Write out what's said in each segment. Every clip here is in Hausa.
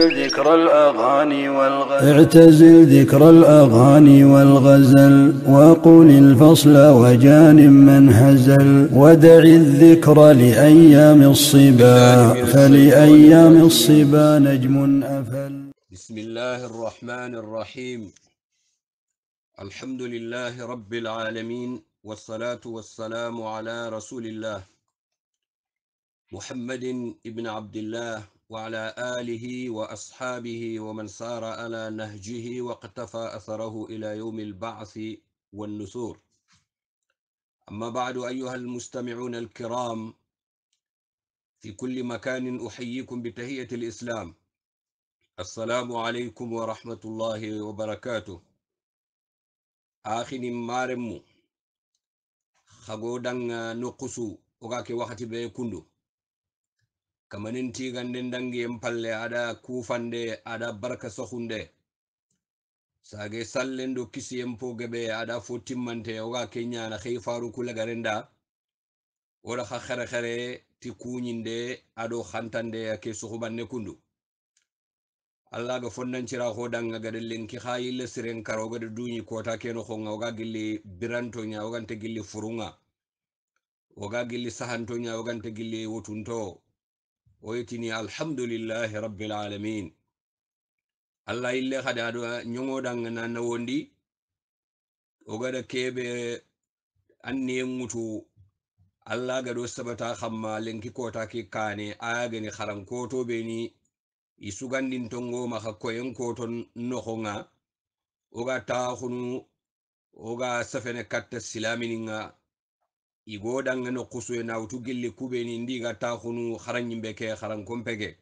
ذكر الأغاني والغزل اعتزل ذكر الأغاني والغزل وقل الفصل وجانب من هزل ودع الذكر لأيام الصبا فلأيام الصبا نجم أفل بسم الله الرحمن الرحيم الحمد لله رب العالمين والصلاة والسلام على رسول الله محمد ابن عبد الله وعلى آله وأصحابه ومن سار على نهجه واقتفى أثره إلى يوم البعث والنسور أما بعد أيها المستمعون الكرام في كل مكان أحييكم بتهية الإسلام السلام عليكم ورحمة الله وبركاته آخر مارمو خغودان نقصو وغاكي وقت بيكونو kamanin tigande dangiyen palle aɗa kufande aɗa barka sohunde sage sallendo kisiyen po geɓe aɗa fo timmante oga kenñana hey farukulagarenda wora ha hare hare ti kuñinde aɗo hantande ake sohubanne kundu allah ga fondancira ho danga gaɗa lenki ha yilla siren kara ogaɗa duñi kota keno honga oga gilli birantoña oganta gilli furunga oga gilli sahantoña oganta gilli wotuntoo oyetini alhamdulillahi rabbil alamin allah ille hade aɗo na nanna wondi o gaɗa keɓe anne ŋutu allah gaɗo sabata hamma lenki kotake kane kharan haran kotoɓe ni i sugandin tongo maha koyen koton nohoga oga tahunu oga safene katta silaminiga igoɗangeno kusue nawtu gilli kuɓeni ndi gatta hunu haranñimɓe ke haran kompege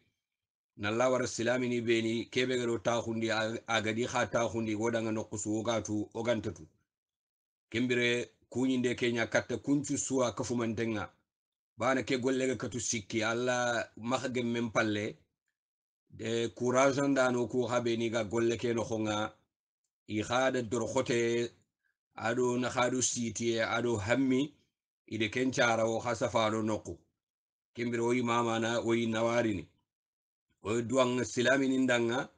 nalla wara silamini ɓeni keɓegeɗo tahundi agadi ha tahundi igoɗangeno kusu ogatu ogantatu kembire kuñinde keña katta kuncu suwa kafumantenga bana ke gollege katu sikki allah mahagem men palle de courage andano ku ha ɓeni ga golle keno honga i hada dor hote aɗo nahaɗo siti aɗo hammi ide kencarawo ha safano nokku kembire woyi mamana ni nawarini duang silami ni danga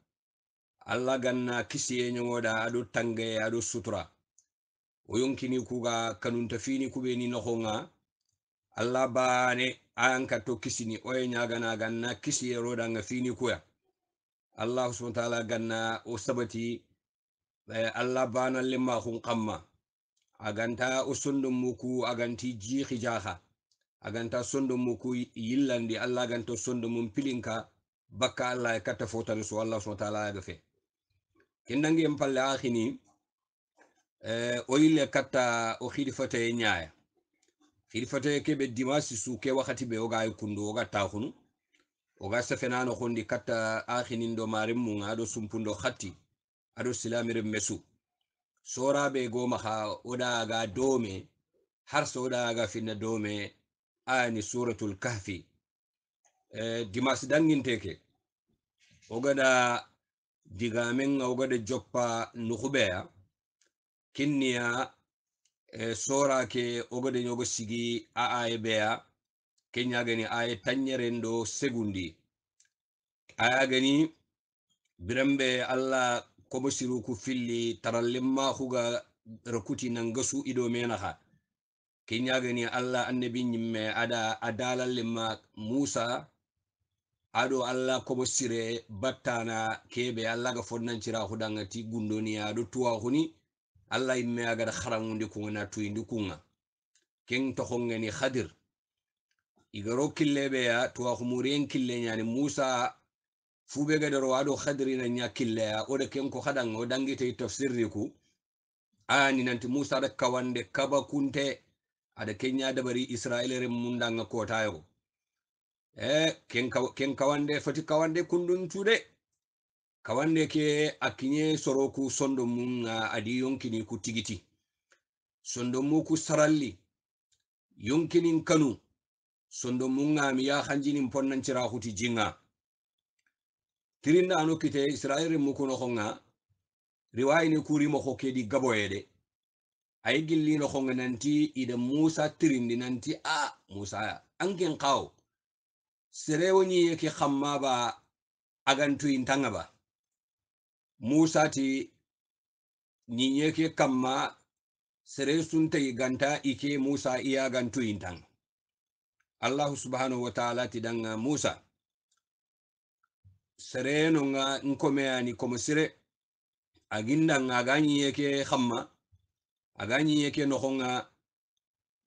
allah ganna kisiye da aɗo tange aɗo sutura o yonkini kuga kanunta fini kuɓeni nohonga allah baane ayanka to o oye ñagana ganna e nga fini kuya allah wa taala ganna o sabati eh, allah banalle mahun kamma aganta usundum muku aganti jihi jaha aganta sundum muku yillandi allah aganto sundum mum pilinka baka allah e katta fota so allah wa taala yaga fe kendangi en palle ahini eh, o yille katta o hiɗifate ñaaya e kebe dimasi ke wakati ɓe oga e kundu oga tahunu oga sefenano hondi katta ahinin ɗo marin mum aɗo sumpundo hatti ado silamire mesu soraɓe goma ha oɗaga dome har so oɗaga finna dome ayani suratul kahfi e, dimas danginteke ogaɗa digamenga ogaɗa joppa nuhuɓeya kinniya e, sorake ogaɗa yogo sigi a aye ɓeya kenyagani aye tanyeren ɗo segundi ayagani biranɓe allah kobo siru ku filli tarallin ma huga rakuti nan gasu ido mena ha kin ya gani Allah annabin yimme ada adalal limma Musa ado Allah kobo sire battana kebe Allah ga fonnan cira hudangati gundoni gundoniya do tuwa huni Allah yimme aga da na kunga tuyindi kunga to tohongeni Khadir igaro kille be ya tuwa humurien kille nyani Musa Fube ga daro aɗo hadrina ya o oɗa ken ko hadan o tafsir tafsirri ku ani nanti musa da kawande kaba kunte ada kenya dabari israel ren ko kotayo e ken kawande fati kawande kundun tude kawande ke akinye soroku ku sondo mum adi yonkini ku tigiti sondo mu ku saralli yonkinin kanu sondo mun ami ya hanjinin ponnancira huti jinga tirinna anu kite israil mukuno honga riwayini kurimo ho kedi gaboyede gilli no honga nanti ida musa tirindi nanti a musa angen qaw serewoni yeke xamma ba agantu tanga ba musa ti ninyeke kamma sere sunte ganta ike musa iya gantu tanga allahu subhanahu wa ta'ala ti danga musa sereeno nga nkomeyani komosire aginda nga aga ñiyeke xamma aga ñiyeke noxonga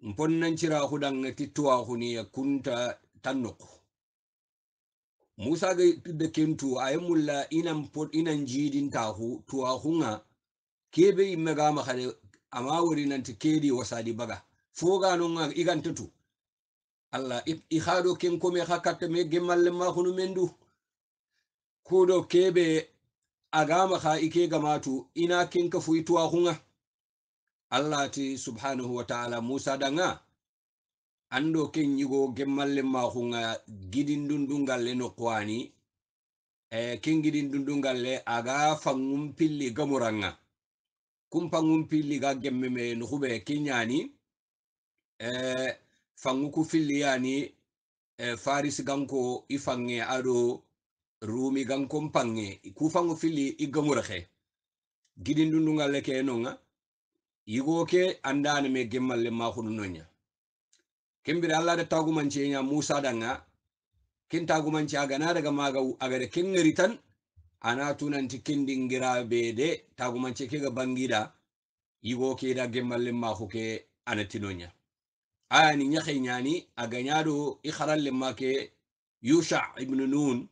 mpon nanciraxu dange ti tuwaxuniye kunta ta noku musa ga de kentu aye mulla ina mpo ina njiidintaxu tuwaxunga kebe yimmegamaxade ama wori nanti kedi wasadi baga foganonga igantetu allah i xaado ken kome xa katta me gemallemaxunu men du kudo kebe agama ha ike gamatu ina kinka fuituwa hunga allah ti subhanahu wa ta'ala musa danga ando ken yigo gemmalle ma hunga gidin dundungalle no kwani e ken gidin dundungalle aga fangum pilli gamuranga kum fangum pilli ga gemme me no hube kinyani e fanguku filli yani e faris ganko ifange ado rumi gan kompange kufangu fili gidin gidindundungale ke nonga yigo ke andane me gemmalle maxunu noña kembira alla da nya musa danga ken aga agana daga maga agada ken ngari tan ana dingira be de ke kega bangida yigo ke da gemmalle maxu ke anatinoña ayani ñaxe ñani agañaɗo i xaralle ma make yusha ibn nun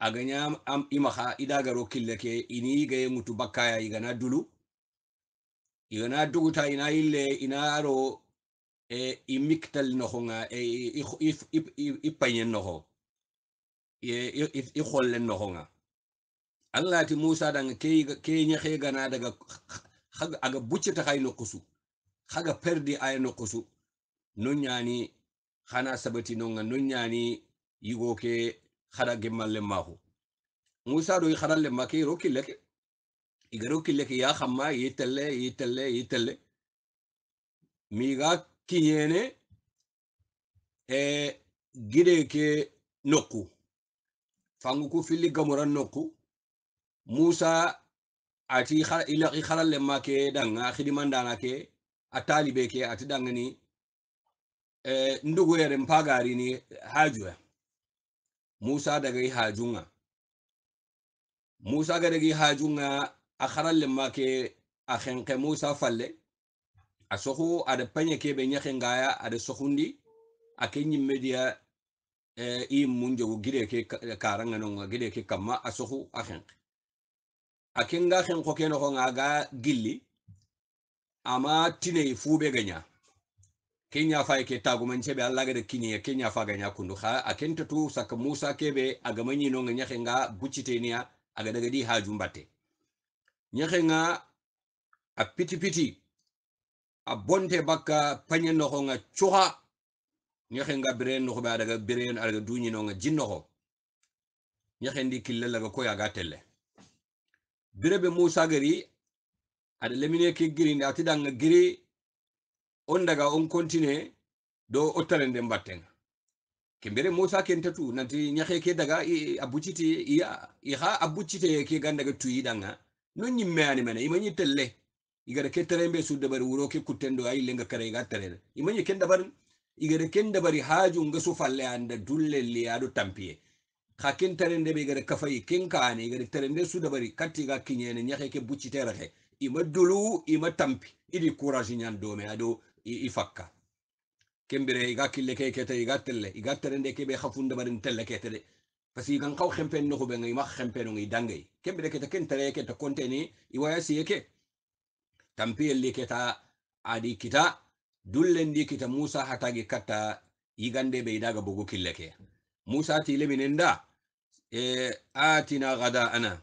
aganya am imaha idagaro killeke ini igaye mutu bakkaya igana dulu igana duguta ina ille ina aro e imiktal nohonga e ipanyen noho e ihollen nohonga allah ti musa danga ke ke nyexe gana daga aga buccita hay nokusu haga perdi ay nokusu non nyani hana sabati nonga non nyani yigo ke khada gemmalle maxu musa do i ma ke i iro kille ke i garo kille ke ya xamma i telle i telle i telle miga kiñene e gide ke nokku fangu ku filli gamora nokku musa ati i xaran le make danga xidimandana ke a talibe ke ati dangani e, ndugu yere ni hajuya musa daga hajunga musa daga hajunga a kharallin limma ke a khenke musa falle a sohu a da panye ke ben yakin gaya a da sohundi a ken yin media eh, i mun jogu gide ke karanga non gide ke kamma a sohu a khenke a ken ga khenko ke no ga gilli amma tine fube ganya kenya fa ke tagumance be allah gada kini kenya fa ganya kundu ha kenta tu saka musa kebe aga manyi no nga nyaxe nga a aga daga di haju mbatte nyaxe nga a piti piti a bonte bakka panye noxo nga cuxa nyaxe nga bire noxo be adaga bire adaga duñi no nga ho nyaxe ndi kille laga koya ga telle bire be musa gari ada lemine ke giri ndi dan nga giri on daga on continue do ottalen ɗen mbattenga kembere mosa ken tatu nanti nyaxe ke daga a iya i xa a buccite ke gan daga nyimme ani ñimmeani imani telle igada ke tarenɓe su dabari wuro ke kutendo ay lenga kare ga iga imani imañi ken dabarin igada ken dabari haaju nga su falle anda dullelli aɗo tampiye kha ken terende be igada kafayi ken kaane igada terende su dabari ga kinyene nyaxe ke rahe ima dulu ima tampi idi courage ñan dome ado. ifakka kembire iga kille ke kete iga telle iga terende kebe khafunde barin telle kete de parce que kan kaw xempen no be ngi max xempen ngi dangay kembire kete ken tere kete konteni iwaya siyeke tampiel li keta adi kita dulle di kita musa hatagi katta yigande be idaga bugu kille ke musa ti leminenda e atina gada ana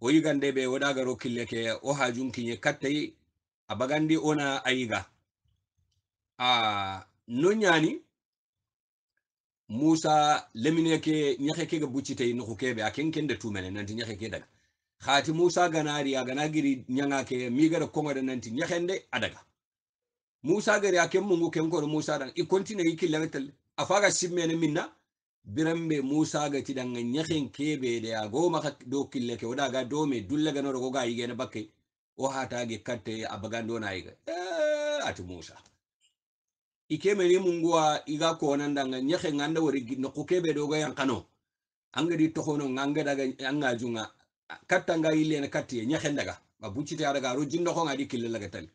o yigande be wadaga ro kille ke o hajun kinye kattai abagandi ona ayiga a no ñani musa lemine ke ñaxe ke ga buccitey noxu kebe a ken kende tumene nanti ñaxe ke daga xaati musa ganari a gana giri ñanga ke mi gara kongode nanti ñaxende a daga musa gari a ken mungu ken kono musa dan i continue i killawetel a faga simmene minna biranɓe musa gati danga kebe de a gomaxa do kille ke woda ga dome dulleganorogoga yigene bakke o ge katte a bagandona yiga eh, ati musa ikemeni munguwa iga konandanga ñehe nganda wori ginno kukebe daga yankano angedi tohono angedaga angajunga kattanga illene kattiye ñehendaga ma buccite adaga aro jinnohonga di killelaga tali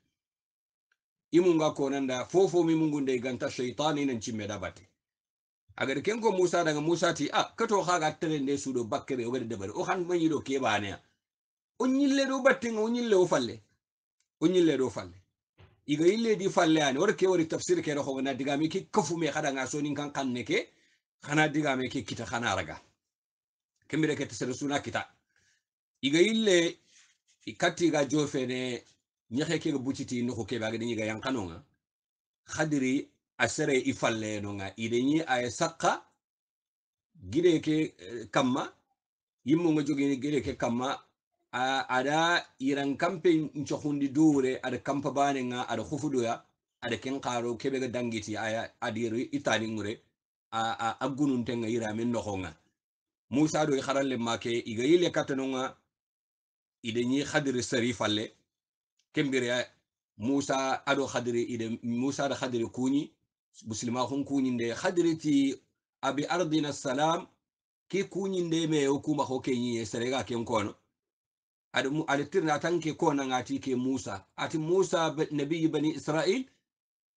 imunga konanda fofo mi mungunde ganta sheitan da cimmeda batte agada kenko musa daga musa ti a ah, kato haga telende sudo bakkebe ogada debari o han mañiɗo kebanea o ñille ɗo battenga o ñille o falle o ñille do falle iga ille di falle ani wara ke wori tafsir ke roho na diga me ki kafu me kada nga so nin kan kan ne ke kana diga me ke kita kana raga kemire ke tsere suna kita iga ille ikati ga jofe ne nyexe ke ga buciti no ko ke ba ga ni ga yan kanonga khadiri asere ifalle no nga ide ni ay sakka gide ke kamma yimmo nga jogi gide ke kamma ada iran kampe nchokundi dure ada kampa bane nga ada khufudu doya ada ken karo kebe ga dangiti aya adiri itali ngure a a agunun tenga ira min no nga musa do kharal le make iga yile katanonga ide ni khadri sarifalle kembire musa ado khadri ide musa da khadri kuni muslima hun kuni de khadri ti abi ardina salam ki kuni de me hukuma hoke ni serega ken kono aɗa na tanke ati ke musa ati musa nabi bani israil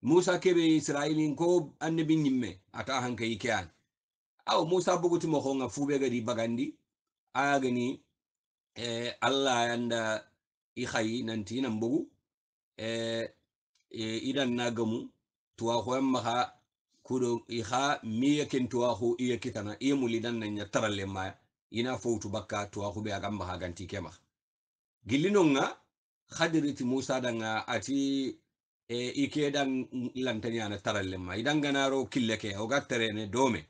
musa be israilin ko annabi ñimme ata hanke yike an awo musa ko ngafu be gadi bagandi agani eh, allah yanda i nan nanti inan bugu eh, eh, idan nagamu tuwahoyan ha kudo iha miya ken ho iya kitana iya mulidan nan ya tarale ma ina fotu bakka ko be agamba ha ganti ke nga hadiriti musa da nga ati e ike dan lantanyana tarallema idanganaro killeke ogatterene dome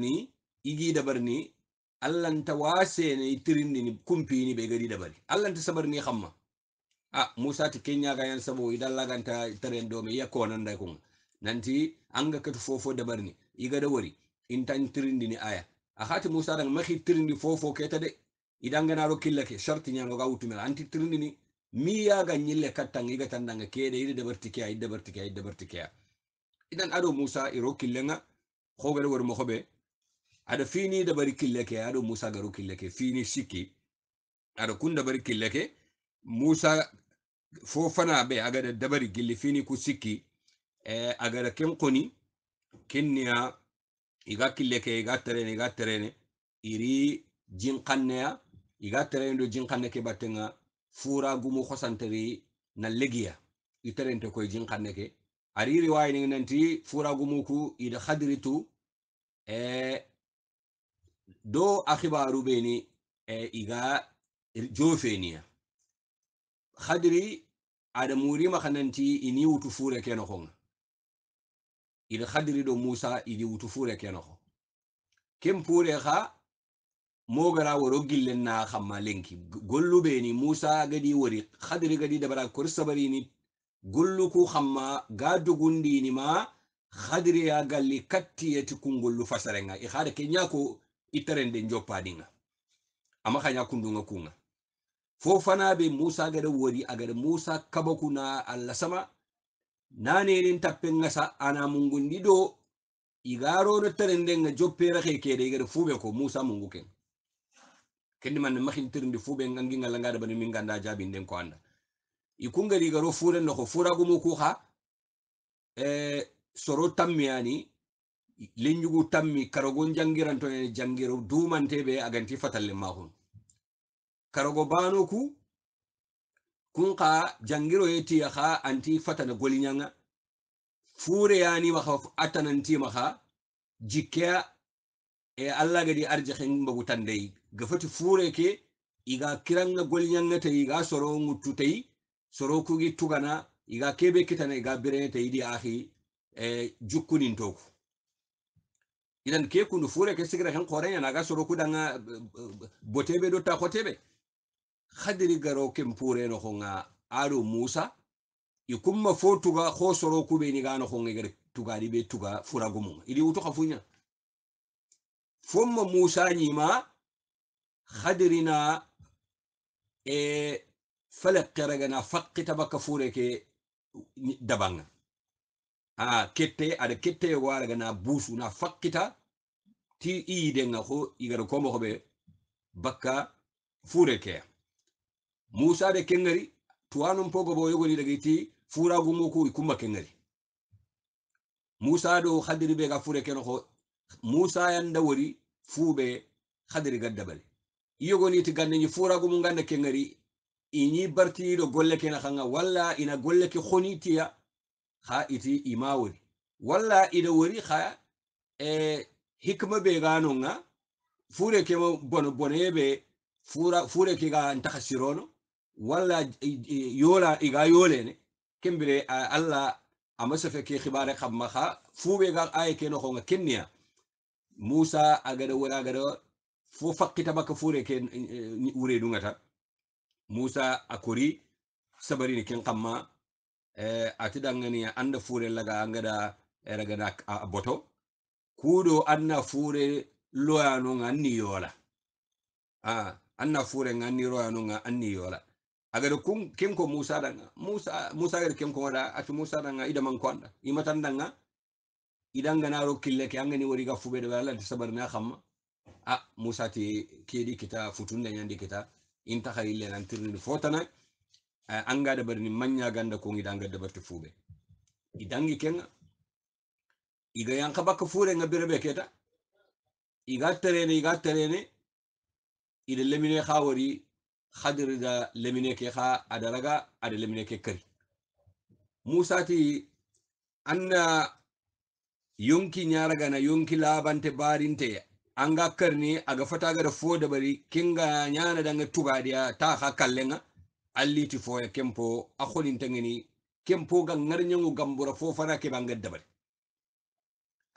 ni igi ni allanta ni kumpi ni be gadi dabari allanta ni khamma a ah, musa ti kenya kenyaga yan sabo idallaganta taren dome iya konanda kun nanti anga katu fofo dabarni igada wari intan ni aya a hati musa danga makhi tirindi fofo keta de idan idanganaro ke sharti ñanoga wutumela anti tirindini mi yaga ñille kattanga iga tandanga keede ide debartikeya i debartikeya i debartikeya idan aɗo musa iro killenga hogere wor mohoɓe aɗa fini dabari killeke aɗo musa ga garo ke fini sikki aɗa kun dabari ke musa fo fana ɓe da dabari gilli fini ku siki e agaɗa ken koni kenniya iga killeke iga terene iga terene iri jin jinkanneya iga terendo jinkanne ke battenga fura gumu hosanteri na legia legiya iterente jin kan neke ari riwayini nanti fura gumuku ida hadiritu e do akhibaru beni e iga jofeniya hadiri ada murima kananti ini wutu fure kenokonga ida hadiri do musa idi wutu fure kenoko pure ha mogara woro gillen na xamma lenki gollu ni musa gadi wori khadri gadi dabara kor sabarini gollu ku xamma ga ni ma khadri ya galli kattiyeti kungollu fasarenga i xada ke ñako iterende njoppadinga ama nga kundunga kunga fo fana be musa gada wori agada musa kabaku na allah sama nanenin tappen sa ana mungundi do igarono terendenga ke da kede igada fube ko musa mungu kenan. kendi man mahin tirndi fu ɓe gangingal ngada bani min ganda jabinden ko anda i kungari garo furen no ko furagumu ku ha e soro tammiyani lenjugu tammi karogon jangiranto e jangiro dumanteɓe aganti fatalle mahun karogo bano ku kun ka jangiro yetiya ha anti fatana goliñanga fure yani maha atanantima ha jikkeya e allah gadi arjahen mbagu dai. gafati fureke iga kiranga golñanga tayi iga soro ŋuttu tayi soro kugi tugana iga kebe kitana iga birene tayi di ahi e, jukkunin toku idan ke kundu fureke sigira hen koreñana ga soro kudanga botebe do ta kotebe khadiri garo ken no khonga aro musa ikumma fo tuga ko soro kubeni gano ga gare tugari be tuga furagumunga idi wutu khafunya fomma musa ma. خدرنا فلق كرغنا فق تبك فورك دبان آه كتة على كتة وارغنا بوسونا فق تا تي إيدنا خو يغر كومو خبه بكا فورك موسى ده كنغري توانم بوغو بو يغني دغيتي فورا غومو كو يكوما كنغري موسى دو خدري بيغا فورك نخو موسى يندا وري فوبه خدري غدبل ti yogoniti ganne ñi foragumu ganna ke ngari barti do golle na khanga walla ina golle ke tiya ha iti ima wala walla ina wori ha e hikma be gano nga fure ke bono yebe fura fure ke ga ntakhsirono walla yola iga yolene alla amasa fe ke khibare khamma ha fuɓe ga ke no khonga kenniya musa agada wala agada fo fakkita baka fure ke eh, eh, wure dungata musa akori sabari ne kin kamma eh, ati dangani anda fure laga angada eragana eh, boto kudo anna fure loyano nga anni yola ah anna fure nga anni loyano nga anni yola agada kun ko musa danga musa musa gada ko wada ati musa danga ida man kwanda imatan danga idan ro kille ke angani wori ga fube da wala sabar na kamma a musa ti kedi kita futunden yandi kita inta hayille nan tirni fotana anga da barni manya ganda ko ngi danga da barti fube idangi kenga iga yanka baka fure nga birebe keta iga terene iga terene ida lemine khawari khadir da lemine ke kha adaraga ada lemine ke kari musa ti anna yonki nyaraga na yonki labante barinte an ga karni aga fataga da foda bari kinga nyana danga tugadiya ta ha kallenga alli ti foya kempo a ta tangini kempo ga ngarnyangu gambura fo fana ke banga dabari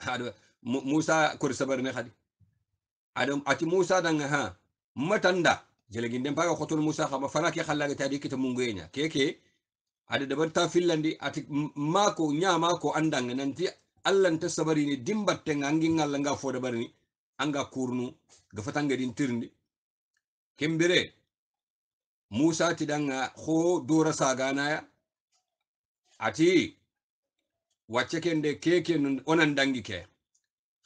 hado musa kur sabar ne khadi adam ati musa danga ha matanda jelagin den paga khotun musa khaba fana ke khallaga tadi kita mungenya keke ada dabar ta fillandi ati mako nya mako andanga nanti allan ta sabari ne dimbatte ngangi ngalla nga fo dabari ni anga kurnu gafatange din tirndi kembire musa tidanga ho dura saganaya ati waccekende keke onan dangi ke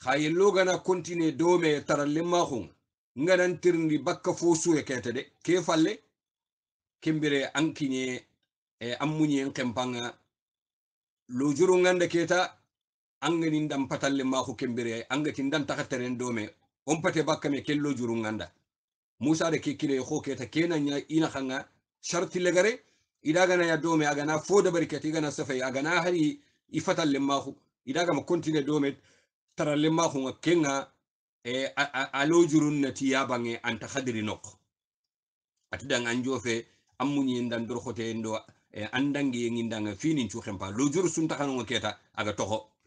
ha yello gana kontine dome taralle makun nganan tirndi bakka fosuye kete de ke falle kembire ankine e ammuñen kempanga lojuru ngande keta angani ndam patalle ko kembere angati ndam takateren dome on pate bakka me kello nganda musa da ke kile e ko keta kenan ya ina khanga sharti legare gana ya dome agana foda ti gana safai agana hari ifatalle ko ida gama continue dome taralle ma nga kenga e lo juru nati ya bange anta khadiri nok atidan anjofe ammunyi ndan khote ndo e, andangi ngi ndanga fini chu khempa lo juru sun takanu keta aga toho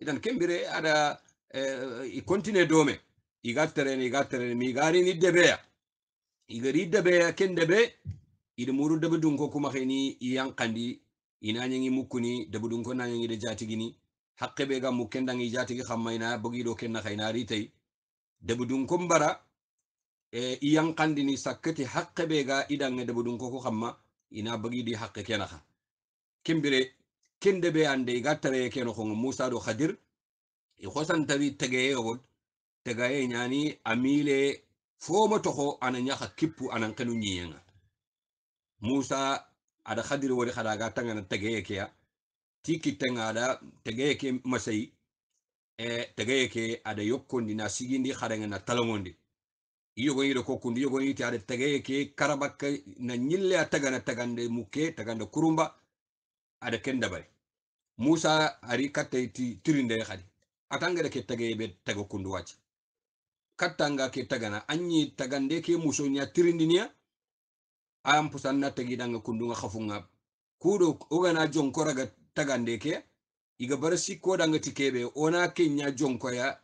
idan kembire ada eh, i continue dome igatterene debeya i gari igari iddebeya kendebe ida muru dabu dunko kuma kheni yankandi ina nyangi mukuni dabu dunko na nyangi de gini hakke be ga gi jatigi khammaina bogi do ken na kenna khaina ritai dabu dunko mbara e yankandi ni sakkati hakke be ga idan dabu dunko ko xamma ina bogi di hakke kenaka kembire kende be ande iga tare keno hongo musa do khadir i khosan tabi tagaye yogot a nyani amile fomo toho ana nyaka kippu anan kanu nyiyenga musa ada khadir wori khada ga tangana e ke ya tiki tenga ada tegeye ke masai e tegeye ke ada yokkondi na sigindi khadanga na talangondi yogon yiɗo kokkundi yogon yiti ada tegeye ke karabakka na ñille a tagana tagande mukke tagande kurumba ada ken dabari musa ari katay ti tirinde khadi atanga da ke tage be tago kundu wati katanga ke tagana anyi tagande ke muso nya am pusan na tagi danga kundu nga nga kudo ogana jonkora ga tagande ke iga barasi ko danga tikebe ona ke nya ya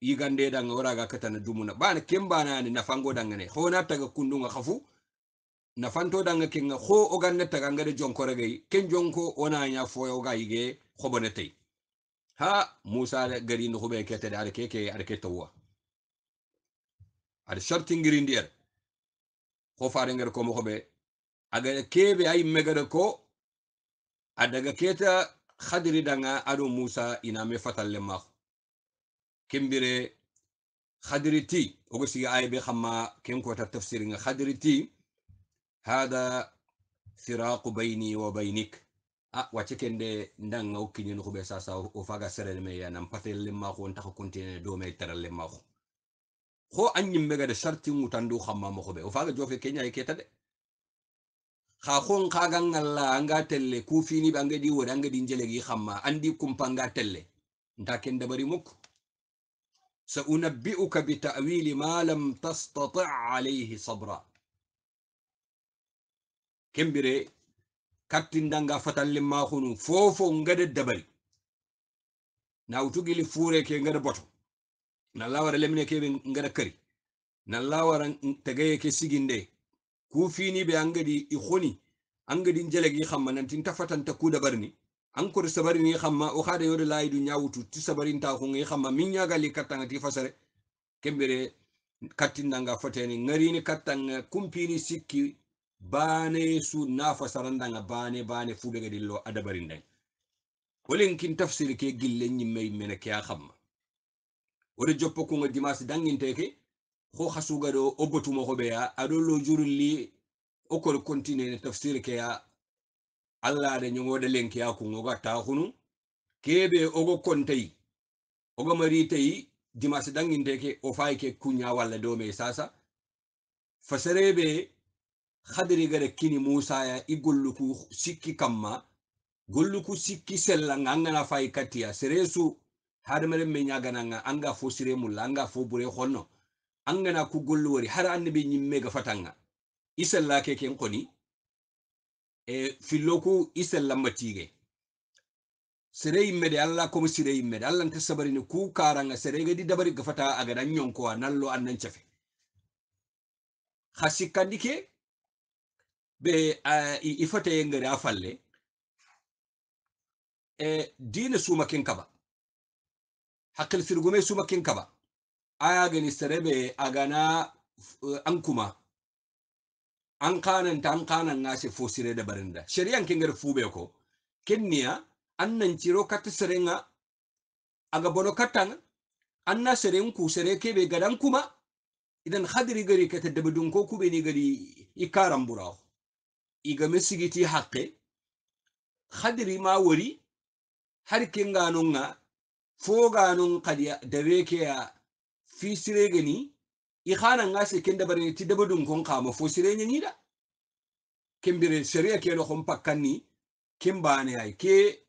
igande danga ora ga katana dumuna bana na ni nafango danga ne hona taga kundu nga khafu fanto danga kinga ho oganne tagangade jonkoregey ken jonko ona nya ga yige hobonetey ha musa gari no hube kete da arke ke arke tawwa ar shartin girin diyar ko fare ngar ko mo khobe aga kebe ay megada ko adaga keta khadri danga ado musa ina me fatal le ma kimbire khadri ti ogosi ay be xamma ken ko ta tafsir nga khadri ti hada firaku baini wa bainik a ah, wace kende ndan ga kinyen ko be sasa o faga serel me ya nan patel limma ko nta ko kontene do me teral limma ko ko an yin mega da sharti mutandu khamma mo ko be o faga jofe kenya yake e ta de kha khon kha gangalla anga telle ku fini bange di wada anga din jele gi khamma andi kumpanga telle nta kende bari mukko سأنبئك بتأويل ما لم تستطع Alayhi صبرا kembire kattindanga fatalle mahunu fofo ngade dabari na utugili fure ke ngade boto na lawara lemine ke ngade kari na lawara tagaye ke siginde kufini be angadi ikhoni angadi njelegi xamma nantin tafatanta ku dabarni ankor sabarini xamma o xade yore layidu nyawutu ti sabarinta xungi xamma min ñagali kattanga ti fasare kembire kattindanga ngari ni kattanga kumpini sikki bane su nafa sarandanga bane bane fu daga dillo adabari ndan olin kin tafsir ke gille nyimme mena ke xam wori joppo ko ngi dimasi dangin teke ho khasu gado obotu mo hobeya ado lo juru li o kol continue ne tafsir ke ya alla de nyongo de len ke ya ku ngoga ta hunu kebe ogo kontay ogo mari tay dimasi dangin teke o fay ke kunya wala do me sasa fasere be hadiri gada kini musa ya i golluku sikki kamma golluku sikki sellanga an gana fayi kattiya seresu hadamaren me ñagananga anga fo sire mulla anga fo bure honno an gana ku gollu wari har annabi ñimme ga fatanga i sella ke ken koni e filloku i sella mattige sere yimmede allah komo sire yimmede allah nta sabarini ku karanga sere gadi dabari ga fata gafata agada ñonkowa nallo annan cafe ha sikkandi ke be uh, ifote yengere afalle e dina suma kinkaba hakil firgume suma kinkaba aya gani sare agana uh, eh, ankuma an kanan ta an kanan ngase fosire da barinda shari'an kingar fube ko kenniya annan ciro kata serenga aga bono katanga anna seren ku sere kebe gadan kuma idan hadiri gari kata dabudun ko kube ni gari ikaran burawo igame sigiti hakke hadiri ma wori har kenganonga foganon kadi dawe ya fi siregeni i nga se kenda barini ti dabadun kon kama fo sirenyanida kembire sharia keno kon pakkanni ken bane ay ke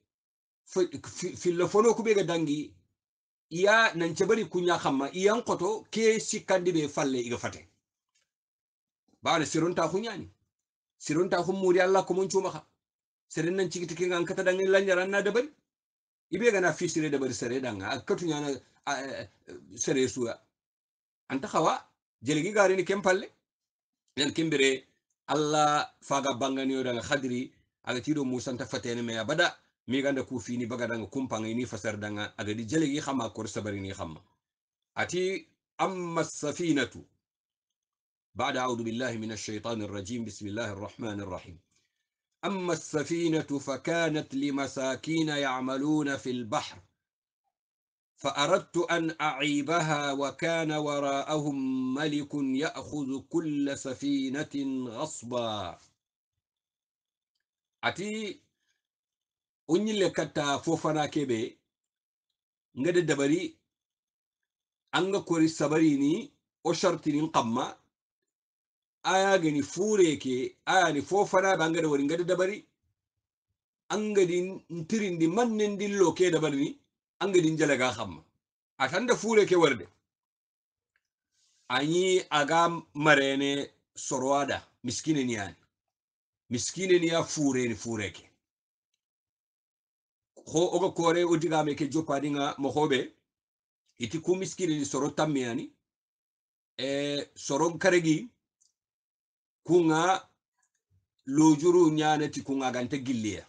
filofono fono kubega dangi iya nance bari kunya kamma iyan koto ke sikandi be falle iga fate sirunta kunya ni. ta sirunta muri allah ko mun cumaha sirin nan cigi tiki an kata dangin lanjaran na bari ibe gana fi sire dabari a danga akatu sare sere an ta hawa jeligi gari ni kempalle yan kimbere allah faga bangani yo daga khadri aga tido musa ta fatene me abada mi ganda ku fini baga daga kumpanga ni fasar daga aga di jeligi khama kor sabari ni khama ati amma safinatu بعد أعوذ بالله من الشيطان الرجيم بسم الله الرحمن الرحيم أما السفينة فكانت لمساكين يعملون في البحر فأردت أن أعيبها وكان وراءهم ملك يأخذ كل سفينة غصبا أتي أني لكتا فوفنا كبي نجد دبري أنك ga kori sabari القمة aya gani fure ke aya ni fofara ba ngada wari ngada dabari an ntirin di mannin di loke dabari ni angadi a hamma da fure ke warde anyi aga marene sorwada miskine ni yani miskine ni ya fure ni fure ke ho oga kore me ke dinga mohobe iti ku miskine ni soro yani e soron karegi kunga lojuru ti kunga ganta na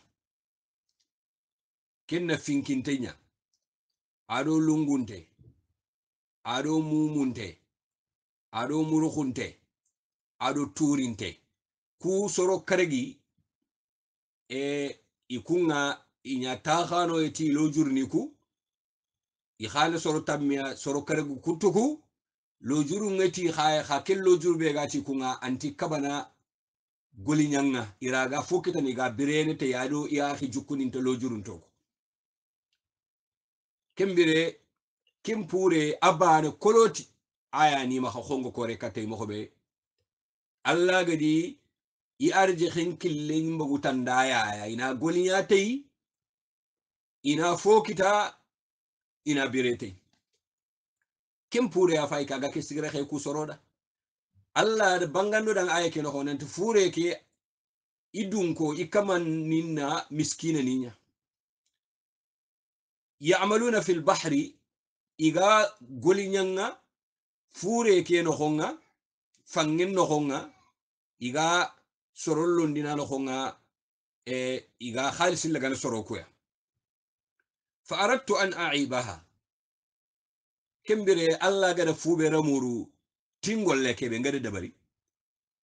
kenna finkinte nya ado lungunte ado mumunte ado murukunte ado turinte ku soro karegi e ikunga inya taxano eti lojuru niku i xana soro tammiya soro karegu kuntuku lojuru ngati khaye ha lojuru be gati kunga anti kabana goli nyanga iraga fokita ni ga birene te yado ya khi jukuni to lojuru to kembire kimpure abane koloti aya ni ma khongo kore kate mo hobe alla gadi i arji khin killen mbagutan tanda ya ina goli ya ina fokita ina birete kim pure ya fai kaga kisigira kai ku da? Allah da bangando dan aya no honan tu fure ke idun ko ikaman ninna miskina ninya amaluna fil bahri iga golinyanga fure ke no honga fangin no honga iga sorollon dina no honga e eh, iga khalisin laga soro kuya fa aradtu an a'ibaha kembire allah gada fube ramuru tingol leke ɓe ngadi dabari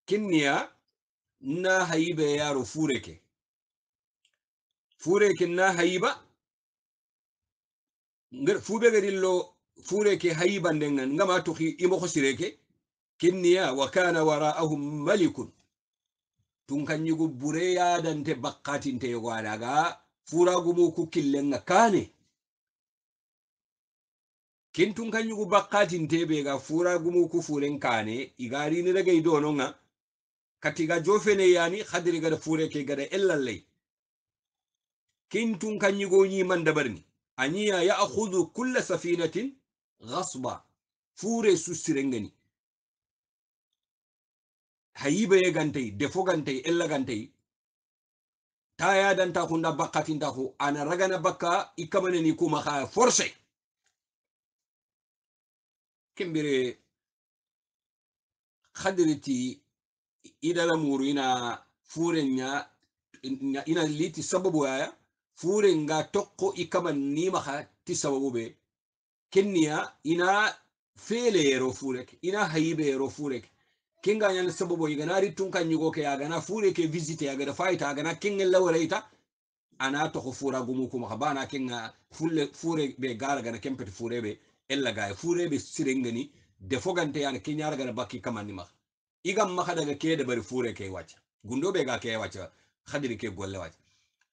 kinniya na hayiɓe yaro fureke fureke na hayiba fuɓe lo fureke hayiba ndengan ngama toki imo sireke kinniya wa kana wara'ahum malikun tun kanyigu bure yadante bakkatinte yogo alaga furagumu kukkillenga kane kintun kan yugu bakkatin tebe ga fura gumu ku furen kane igari ni daga ido nonga katiga jofene yani khadri ga fure ke ga illalle kintun kan yugo ni man dabarni aniya ya akhudhu kull safinatin ghasba fure su sirengani hayibe gantai defo gantai illa gantai taya dan ta kunda bakkatin ta ko ana ragana bakka ikamane ni kuma kha force kembire hadiriti idala muru ina furen ya ina liti sababu yaya furen ga tokko ikama ni ha ti sababu be kenya ina fele ero furek ina haibe ero furek kinga nyan sababu igana ritun kan yugo ke gana fure ke visite agana fight agana kinga lawraita ana to fura gumu kuma bana kinga fulle fure be gara gana kempet fure be ella gay fure be sirengani defo gante yana kinyar gara baki kamani ma igam maka daga ke da bari fure ke wacha gundo be ga ke wacha khadiri ke golle wacha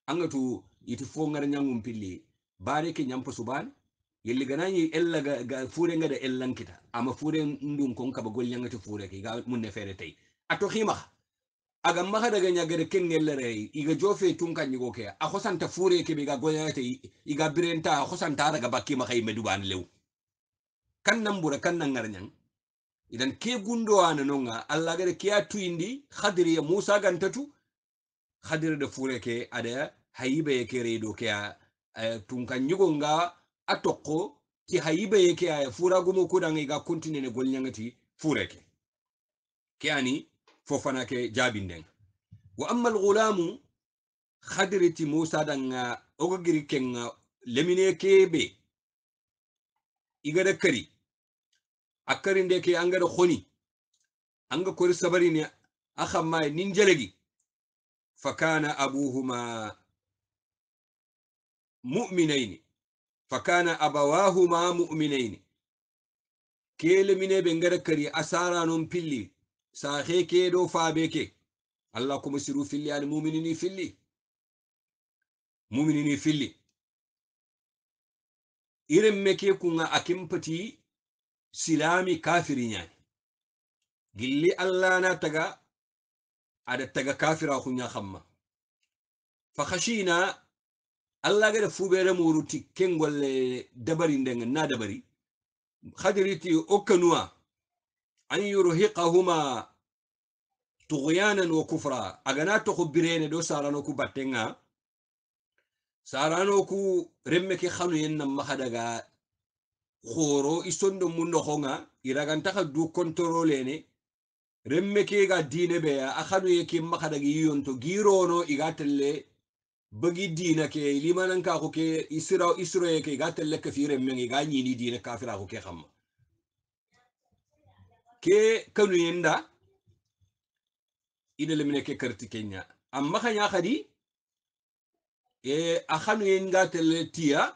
angatu iti fo ngar nyangum pilli bare ke nyampa suban yelli ganani ella ga fure ngada ellan kita ama fure ndun kon ka ba golle ngati fure ke ga mun ne fere tay ato khima aga maka daga nyagare ken ngellere iga jofe tun kan yigo ke a khosanta fure ke be ga golle ngati iga birenta khosanta daga baki maka imedu ban lew kan nan bura kan nan ngarnyan idan ke gundo ana nonga Allah gare ke ya tuindi khadir ya Musa gantatu khadir da fure ke ada hayibe ke redo ke eh, tun kan yugo nga atokko ki hayibe ke ya fura gumo kudan ga kontine ne golnyangati fure ke ke ani fofana ke jabinden wa amma al-ghulamu khadiriti Musa danga ogogiri kenga lemine kebe igada kari a yake an anga khuni an ga kori sabari ne akhamma nin jalegi fakana abuhuma mu'minaini fakana abawahuma mu'minaini kele mine ben gada kari asara non pilli sa ke do be ke allah kuma siru filli al mu'minini filli mu'minini filli irin meke kun akin fati silami kafiri nyani. gilli allah na taga ada taga kafira kunya khamma fa khashina allah gada fubere muruti kengolle dabari ndenga na dabari khadiriti okanuwa an yurhiqahuma tughyanan wa kufra agana to khubirene do sarano ku battenga sarano ku remme ki khanu yenna mahadaga khoro isondo munno khonga iragantaka du kontrolene remme ke ga dine be ya akhanu yake makadagi yonto girono igatelle bagi dina ke limanan ka ko ke isra isra yake igatelle ke fire men iga nyini dina kafira ko ke khamma ke kanu yenda ina lemine ke karti kenya amma kanya khadi e akhanu yenga telle tiya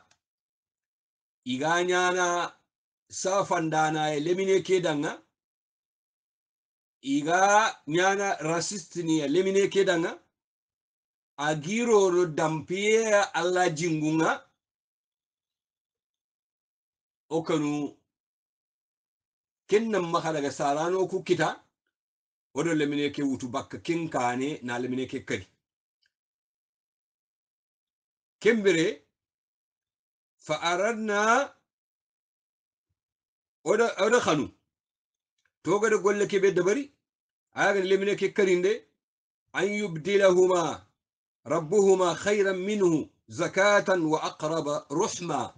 iganyana safandana lemine kedanga iga nyana rasistini lemine kedanga ro dampie alla jingunga okanu kenna maka daga sarano ku kita wadda lemine ke wutu bakka kinkane na lemine ke kadi kembere fa'aradna oda khanu togada golle keɓe dabari ayagani lemine ke karinde an yubdilahuma rabbuhuma hayran minhu zakatan wa aqraba ruhma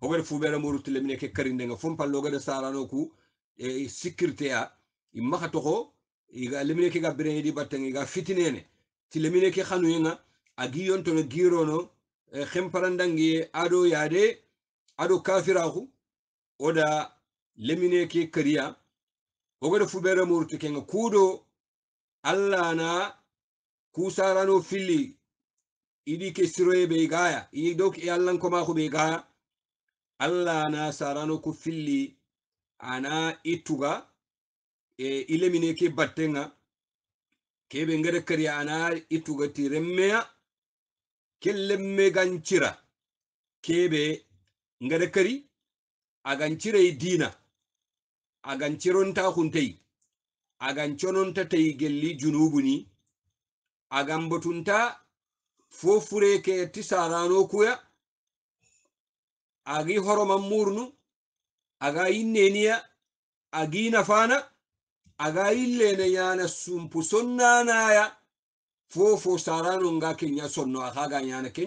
hogada fuɓeɗa morutu lemine ke karindega fon pallogada sarano ku e sécurité a i maxa toxo iga lemine ke ga birenedi batteng iga fitinene ti lemine ke xanuyega a giyontono girono Eh, hemparandange aɗo ado kafira kafiraku oda lemine ke kariya ogoda fubere murti kenga kudo allah na kusarano fili idi ke siroye be gaya yi dok e ma be gaya allah na sarano ku fili ana ituga e ilemine ke battenga ke ngada kariya ana ittugati remmeya kellemme gancira kebe ngade kari agancirai dina agancironta huntai ta tai gelli junubuni ta fofure ke tisarano kuya agi horoman murnu aga inneniya agi nafana aga illene yana sumpu sonnanaya fofo sarano nga kenya sonno akaga na ya ke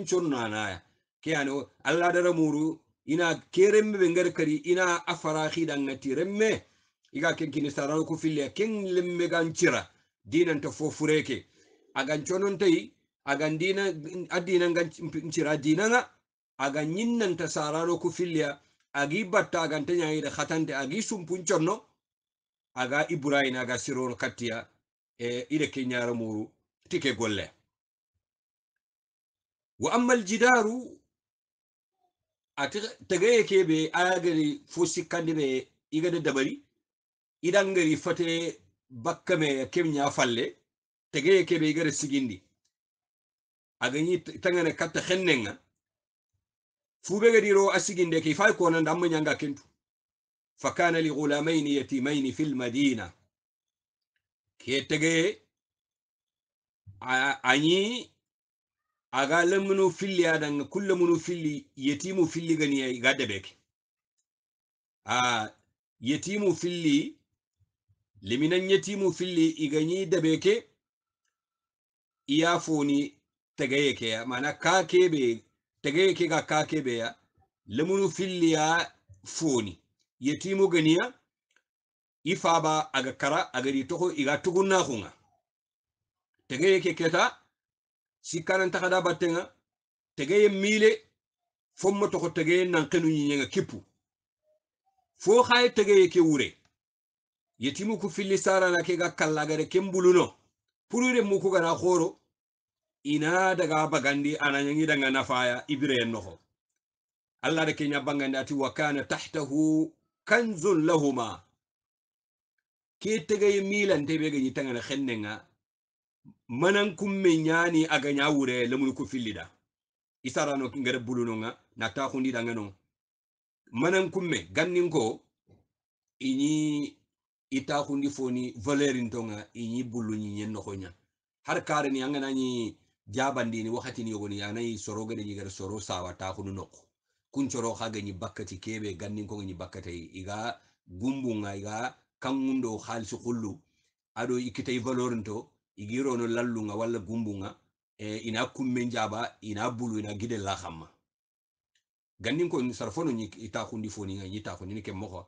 kiyano alla dara muru ina kerem be ngar kari ina afara khida ngati remme iga kin sarano ku fille ken lemme ganchira dinan ta fofureke agan chonon tayi agan dina adina ganchira dinanga agan nyinnan ta sarano ku fille agi batta gan tanya ida khatante agi sumpun chonno aga ibrahim aga sirol katia e eh, ida kenyara muru tike golle wa ammal jidaru tagaye keɓe ayagari fo sikkandi ɓe igade dabari idan iɗangari fate bakka me keɓña falle tagaye keɓe igade sigindi agañi tangane katta hennenga fuɓe gadiro a siginde ke fay konande amma ñanga kentu fa kana li gulamaini yatimaini fi lmadina ke tagaye anyi aga lemunu filli dan kulle munu filli yetimu filli gani ga debek a yetimu filli liminan yetimu filli igani beke iya foni ke ya mana ka kebe ke ga ka kebe ya lemunu filli ya foni yetimu ganiya ifaba aga kara aga di toho iga tugunna kunga tegeye ke keta sikkanan takada battenga tege ye fomma toko tege nankenu ñiñenga kipu fo khaye tegeye ke wure yetimu muku fili sarana ke ga kallagare kembuluno buluno purure muku gana khoro ina daga bagandi ananyangi danga nafaya ya noho allah da kenya bangandi ati wa kana tahtahu kanzun lahuma ke tege ye milante be ga ñitangana xennenga manan kummen yani aga nyawure lemunu ku fillida isara no ngere buluno nga na ta hundi danga no manan kumme gannin ko inyi ita hundi foni valerin tonga inyi bulu nyi nyen no nya har kare ni anga nani jabandi ni wakati ni yogoni yi soro gade ni gare soro sawa ta hunu no kun coro haga ni bakkati kebe gannin ko ni bakkati iga nga iga kangundo halsu kullu ado ikitai valorin to no lallunga wala gumbunga e ina kumme njaba ina bulu ina gide la xamma gannin ko sarfono ñi itaxundi foninga ñi taxundini ke moxo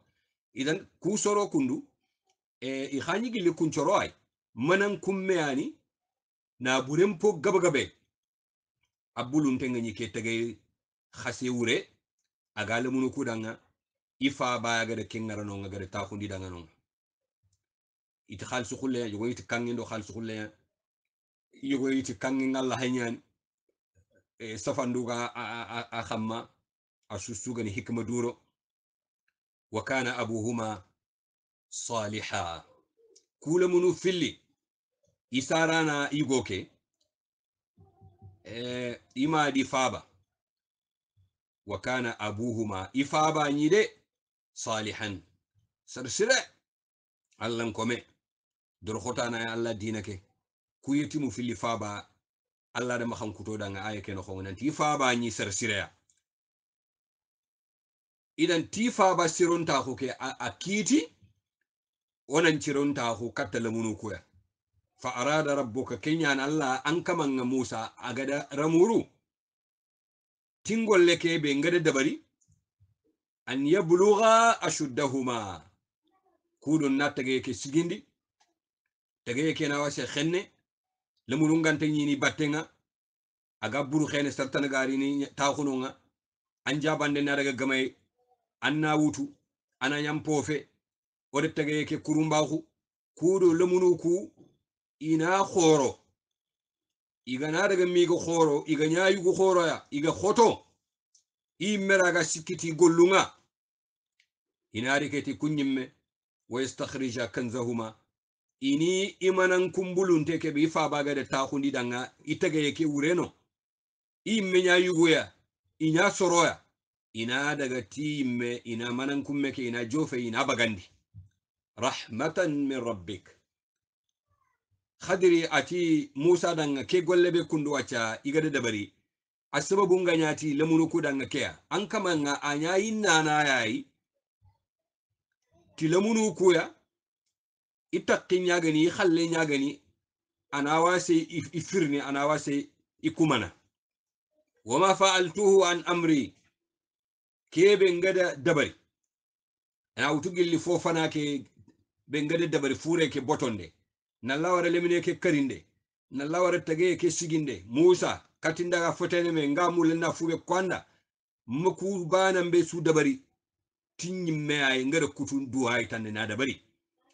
idan ku soro kundu e i kun choro ay manan ani na buren po gabagabe a buluntenga ñi ke tegey khase wure aga lemunu kudanga i fa baya ga de ta taxundi danga no iti xaalisi xulleya yogo iti ya xaalisi xulleya yogo iti kangi ngalla hayñani e, safanduga a khamma a gani hikma duro wa kana huma saliha kula munu filli isarana e, ima di faba wa kana abuhuma ifaba nyide salihan sarsire kome. dorokota na allah dina ke ku fili fa faba allah da mahan da nga aya keno hongo ti faba ni sar sireya idan ti faba ta ko ke a kiti onan cironta ko katta lamunu koya fa arada rabbuka kenyan allah an kaman musa musa agada ramuru tingolle ke be ngada dabari an yabluga ashuddahuma kudun natage ke sigindi daga kena wa se xenne lemurungante ñini battenga aga buru xene sartanagarini taxunonga an jabande naraga gamay an na wutu ana yam poofe ode tagaye ke kurumbaxu kudo lemunu ku ina xooro iga mi miga xooro iga ñayugu ya iga xoto i ga sikiti gollunga inari keti kunñimme wa yastahrija kanzahuma ini imanan kumbulunte keɓe i da taxundiɗanga danga tegeye ke wureno i immeña i nya soroya ina daga ti ina manan kumme ke ina jofe ina bagandi rahmatan min rabbik hadiri ati musa danga ke golle be kundu acca igada dabari a sababu nganyati lamunu ku danga ke an kama nga anyayi nana yayi ti lamunu ya? itatte ñagani i xalle ñagani anawa wase i firni ana wase i kumana wama fa'altuhu an amri kebe ngada dabari ana wutugilli fofana ke be ngada dabari fure ke botonde na lawara lemine ke karinde na lawara tage ke siginde musa ga fotene me nga na fube kwanda maku bana mbe su dabari tinyimme ay ngada kutu duwa ay na dabari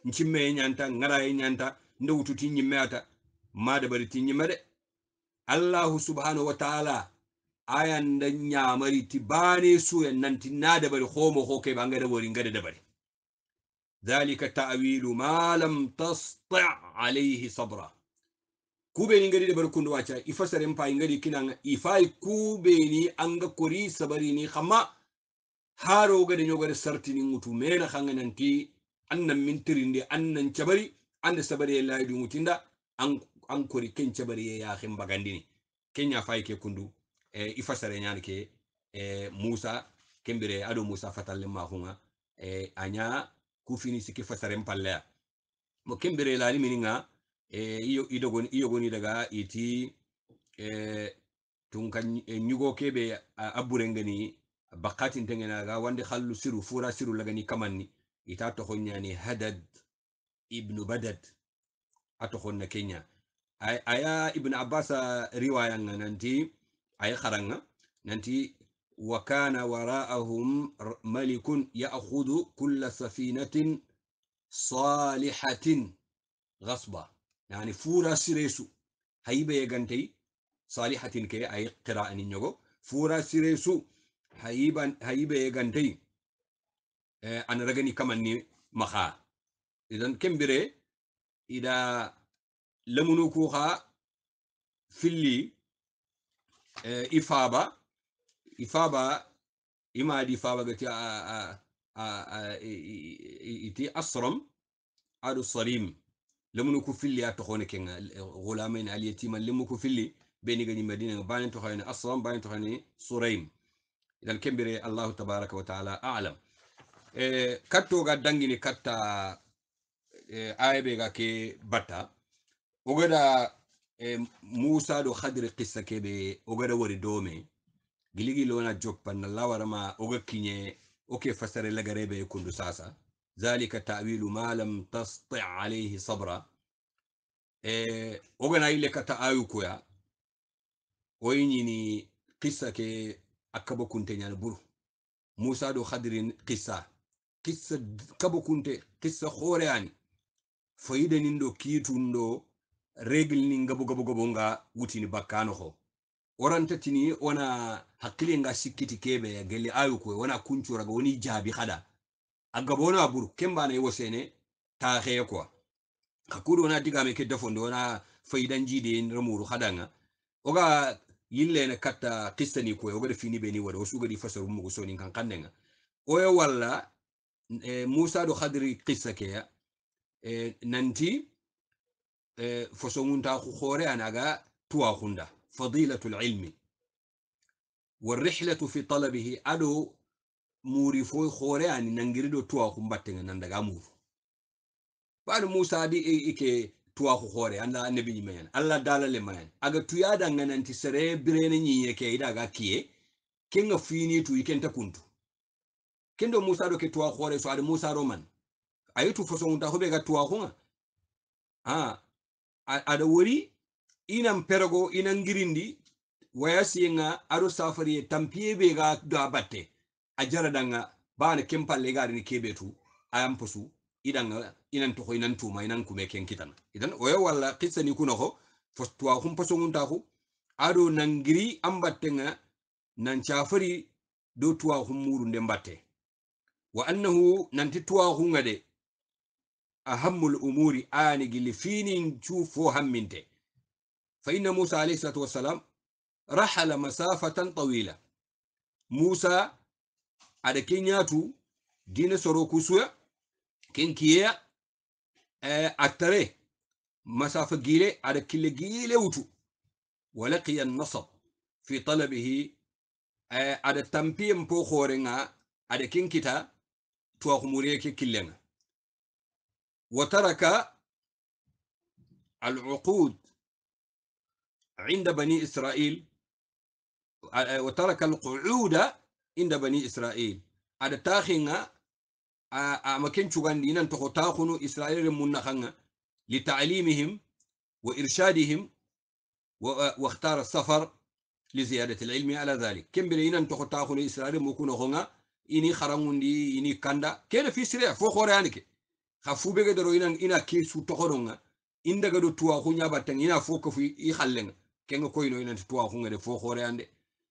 nchimme nyanta ñanta ngara ye nyanta nde wutu ti ñimme ata bari ti ñimme de allahu subhanahu wa taala ayanda ñamari ti su suya nanti na dabari homo ho keɓa ngada wori ngada dabari dhalika tawilu ma lam tasti alayhi sabra kube ni ngadi dabari kundu wacca ifasaren payi ngadi ifai kube ni anga kori sabarini khama haro gada sarti ni ngutu mena khanga nanti annan mintirin de annan cabari anda sabari ya e layi dumutinda an an kori ken cabari ya e yahin bagandini kenya fayi ke kundu e ifasare nyani ke e, musa kembere ado musa fatalle a nya anya kufini siki fasare mpallea mo kembere lali mininga nga iyo idogoni iyogoni daga iti e tunka nyugo kebe aburengani bakatin tengena ga wande khallu siru fura siru lagani kamanni ita toxon ñani hadad ibnu badad a toxon na kenya aya ibnu abbas riwaya nanti ay xaranga nanti wa kana waraahum malikun ya'khudhu kulla safinatin salihatin غصبا يعني fura siresu haybe يغنتي salihatin كي أي قراءة نيغو فورا سيريسو هيبا هيبه يغنتي Eh, an ragani kamanni maha idan kembire ida lamunu ha filli eh, ifaba ifaba ima di ifaba gati iti asram adu sarim lamunu ku filli ya tokhone kenga gulamain aliyatiman limu ku filli beni gani madina banin tokhane asram banin tokhane suraim idan kembire allah tabaraka wa taala a'lam e kattoga dangini katta e, ayaɓe ga ke batta ogada e, musa do khadir qissa keɓe ogeɗa wari dome giligi lona joppanna lawarama oga kiñe oke fasare be kundu sasa zalika tawilu ma lam tasti alayhi sabra eh, ogana ile kata ayu koya oyiñini qissa ke akkaba kunte ñana buru musa do hadirin qissa kissa kabo kunte kissa khore ani fayida nindo kitu ndo ɗo regle nin gabo gabo gabo nga ni bakano ho tini wana hakili nga kebe ya gelle ayu koye wona raga woni jabi haɗa a gabo aburu buru na iwo sene ta heye quoi hakkuri wona digame ke dafonde wona fayidan jiide remuru haɗanga oga kista ni kwe koye da fini beni wada o gadi fasa rumu kusoni nkankande nga oya walla Eh, musa do hadri qissa keya eh, nanti eh, fosonguntaku hore anaga tuwahunda fadilatu lilmi warrihlatu fi talabihi ado muri fo hore an nangiri ɗo tuwaku nan nandaga muru baɗo musa di ike tuwa tuwaku hore anda annabi ñimayan allah le mayan aga tuyadanga nanti sere birene yake ke idaga kiye kenga tu ikenta kuntu kendo musa do ke tuwa khore so ari musa do man ayitu fosongunta hoɓe ga tuwa hunga a aɗa wori inan pergo inan girindi waya siyenga aɗo safariye tampiye ɓe ga do a batte a jaradanga bana kempalle garini keɓe tu ayan posu iɗanga inan toxo inan tuma inan kume ken kitana idan oya walla xissa ni kuna xo fos tuwa xum posongunta xu aɗo nangiri an nga nan cafari do tuwa xum muru nde batte wa annahu nanti tuwa hungade ahammul umuri ani gilifini finin fo hamminte fa inna musa alayhi salatu wassalam rahala masafatan tawila musa ada kenyatu dina soro kusuya kenkiyeya eh, attare masafa gile ada kille gile wutu walaqiya nasab fi talabihi eh, ada tampiyen po horenga ada توخ توغموريك كلنا وترك العقود عند بني إسرائيل وترك القعود عند بني إسرائيل على تاخينا تاخنا أمكن شغان لنا تخطاخنو إسرائيل منخنا لتعليمهم وإرشادهم واختار السفر لزيادة العلم على ذلك كم بلينا تخطاخنو إسرائيل مكون هنا ini kharangundi ini kanda kene fi sire fo khore anike kha fubege daro ina ina kesu tokoronga inda do tuwa kunya batang ina fo ko fu i nga kenga no ina tuwa kunga de fo khore ande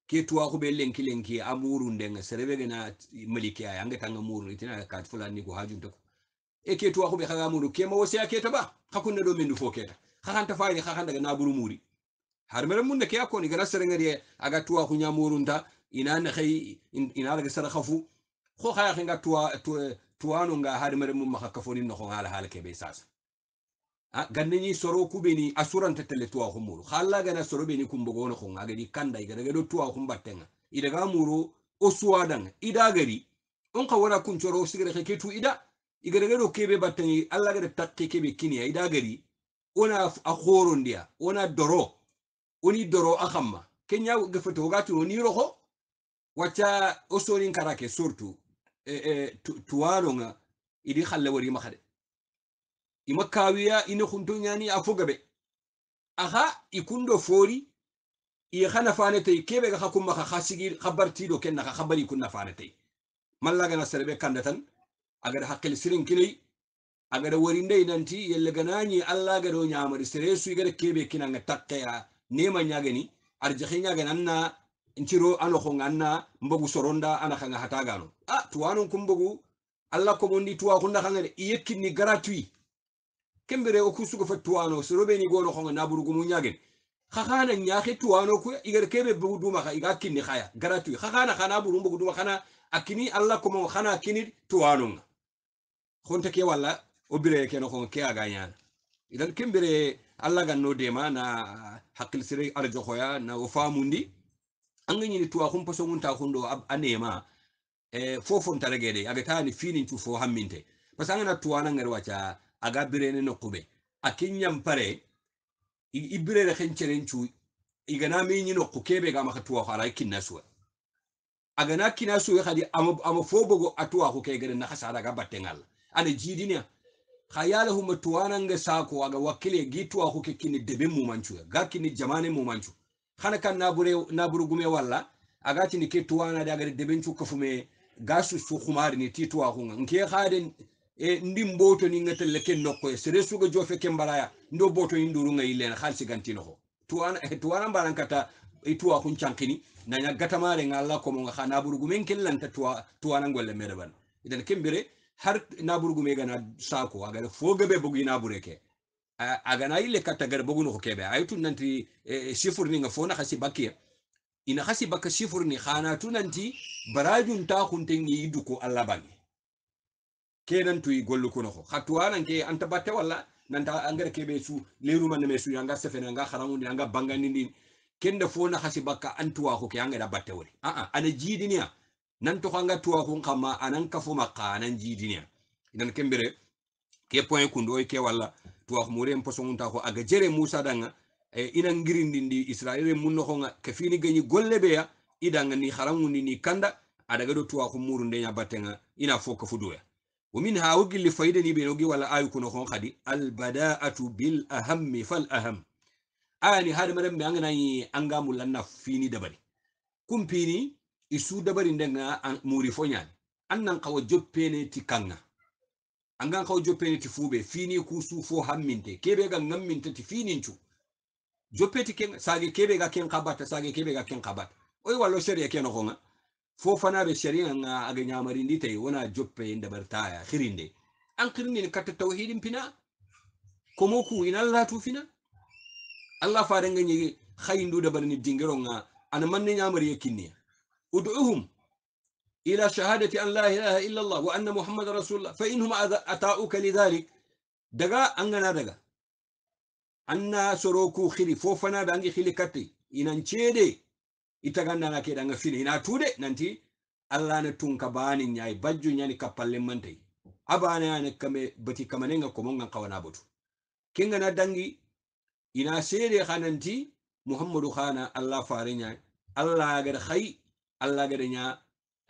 ke tuwa ko be lenki lenki amuru sere bege na maliki ay anga tanga muru itina kat fulani ko hajum to e ke tuwa ko be khaga muru ke ma wosiya ke ta ba ne do mindu fo keta khakanta fayni khakanta ga buru muri har mere ne ke akoni gara serengari aga tuwa kunya nda ina na kai ina daga sara khafu ko khaya kinga tuwa tuwano nga har mare mun maka kafoni no hon hala hala ke be sasa a ah, ganni ni soro kube ni asuran tatale tuwa humuru khalla gana soro be ni kumbogo no hon agadi kanda igada gado tuwa kumbatenga idaga muru osuwadan gari on ka wara kun coro sigara ke tu ida igada gado kebe batengi alla gada takke kebe kiniya gari ona a horon dia ona doro oni doro akamma kenya gafata wagatu ni roho wacha osorin karake surtout e, e, nga idi khalle wari ma xade ima kawiya ina xunto nyani a fogabe axa i kundo foori i xa nafane tey kebe ga khakum kumma xa khabar tido ken na khabari bari kun nafane mallaga na serbe kandatan agar xaqil sirin kiley agar wari ndey nanti yelle ganani alla gado nyamari sere su igada kebe kinanga takkaya nema nyageni arjaxi ganna nciro ano xonga anna mbogu soronda ana xanga hatagano a tuwanon kun mbogu allah komondi tuwa xunda xangene iye kinni gratuit kembere oku sugo fa tuwano sorobeni gono xonga naburugumu ñagen xaxana ñaxe tuwano ku igar kebe bogu duma xa iga kinni xaya gratuit xaxana xana buru mbogu duma xana a kini allah komo xana kini tuwanonga xonta ke walla o bire keno xonga ke aga ñana idan kembere allah ganno dema na hakkil sire arjoxoya na o famundi angani ni tuwa kumpo so ngunta kundo anema e eh, fofon taragede aga ni finin tu fo hamminte pasanga na tuwa na wacha aga birene no kube akinyam pare ibirere khencheren chu igana mi ni no kukebe ga makatuwa khara kinaswa agana na kinaswa khadi am am fobogo atuwa kuke gere na khasara ga ane ana jidinya khayala huma tuwana nga sako aga wakile gituwa kuke kini debe mumanchu ya kini jamane mumanchu hana kan nabure naburu gume walla agati ni ke tuwana daga de bencu kafume gasu su kumari ni ti tuwa hunga nke khaden e ndi mboto ni ngatel leke nokko sere suga jofe ke mbaraya ndo boto ni nduru ngai len khalsi gantino ho tuwana e tuwana mbaran kata e tuwa kun chankini na nanya gatamare ngalla ko mo nga buru gume kellan ta tuwa tuwana ngolle mere ban idan kembere har naburu gume gana sako aga fo gebe bugi nabure ke le kata gara bugu ko kebe ayutu nanti e, e, shifur ni nga fona khasi bakke ina khasi baka shifur ni khana tu nanti barajun ta kunten ni iduko alla bangi nantu yi gollu kono ko khatwana ke anta batte wala nanta angara kebe su leru man me su yanga sefe nga kharamu ni nga bangani ni kenda fona khasi bakka antuwa ko ke anga da batte wori a a ana jidiniya nan to khanga tuwa kun kama anan kafu makka anan niya idan kembere ke point kundo ke wala. tuwak murem ta ko aga jere musa danga e ina ngirindindi israele ko nga ke fini gañi golle ya idanga ni harangundi ni kanda adaga ɗo tuwaku muru ndenya batenga ina foko ka fudoya womin ha wo li ni ɓenogi walla awi kono khadi al bada'atu bil ahammi fal aham ayani haade anga ɓe anganayi lanna fini dabari kumpini isu dabari ndenga muri fo annan kawa joppene ti kanga an gan kawo joppeni ti fuɓe fini ku suufo hamminte keɓe ga gamminte ti jope joppeti ken sage kebe ga ken kabata sage keɓe ga ken kabata oy wallo séria keno konga fo shari séria ga aga ñamarindi tawi wona joppe ndaɓartaya hirinde an hirndini katta tawhidin pina komo ku ina allah tu fina allah farenga ñi hayndu dabarni dingero nga ana manne ñamari ye kinniya uduhum إلى شهادة أن لا إله إلا الله وأن محمد رسول الله فإنهم أتاؤك لذلك دقا أننا دقا أن سروكو خيري فوفنا دانجي خيري كتي إنان تشيدي إتغانا ناكي دانجا فيني إنا تودي نانتي Allah na tun ka bani nyai bajju nyani kapallin mantai abana yana kame bati kamanenga komonga kawana botu kinga na dangi ina sere khananti muhammadu khana Allah fare nyai Allah ga da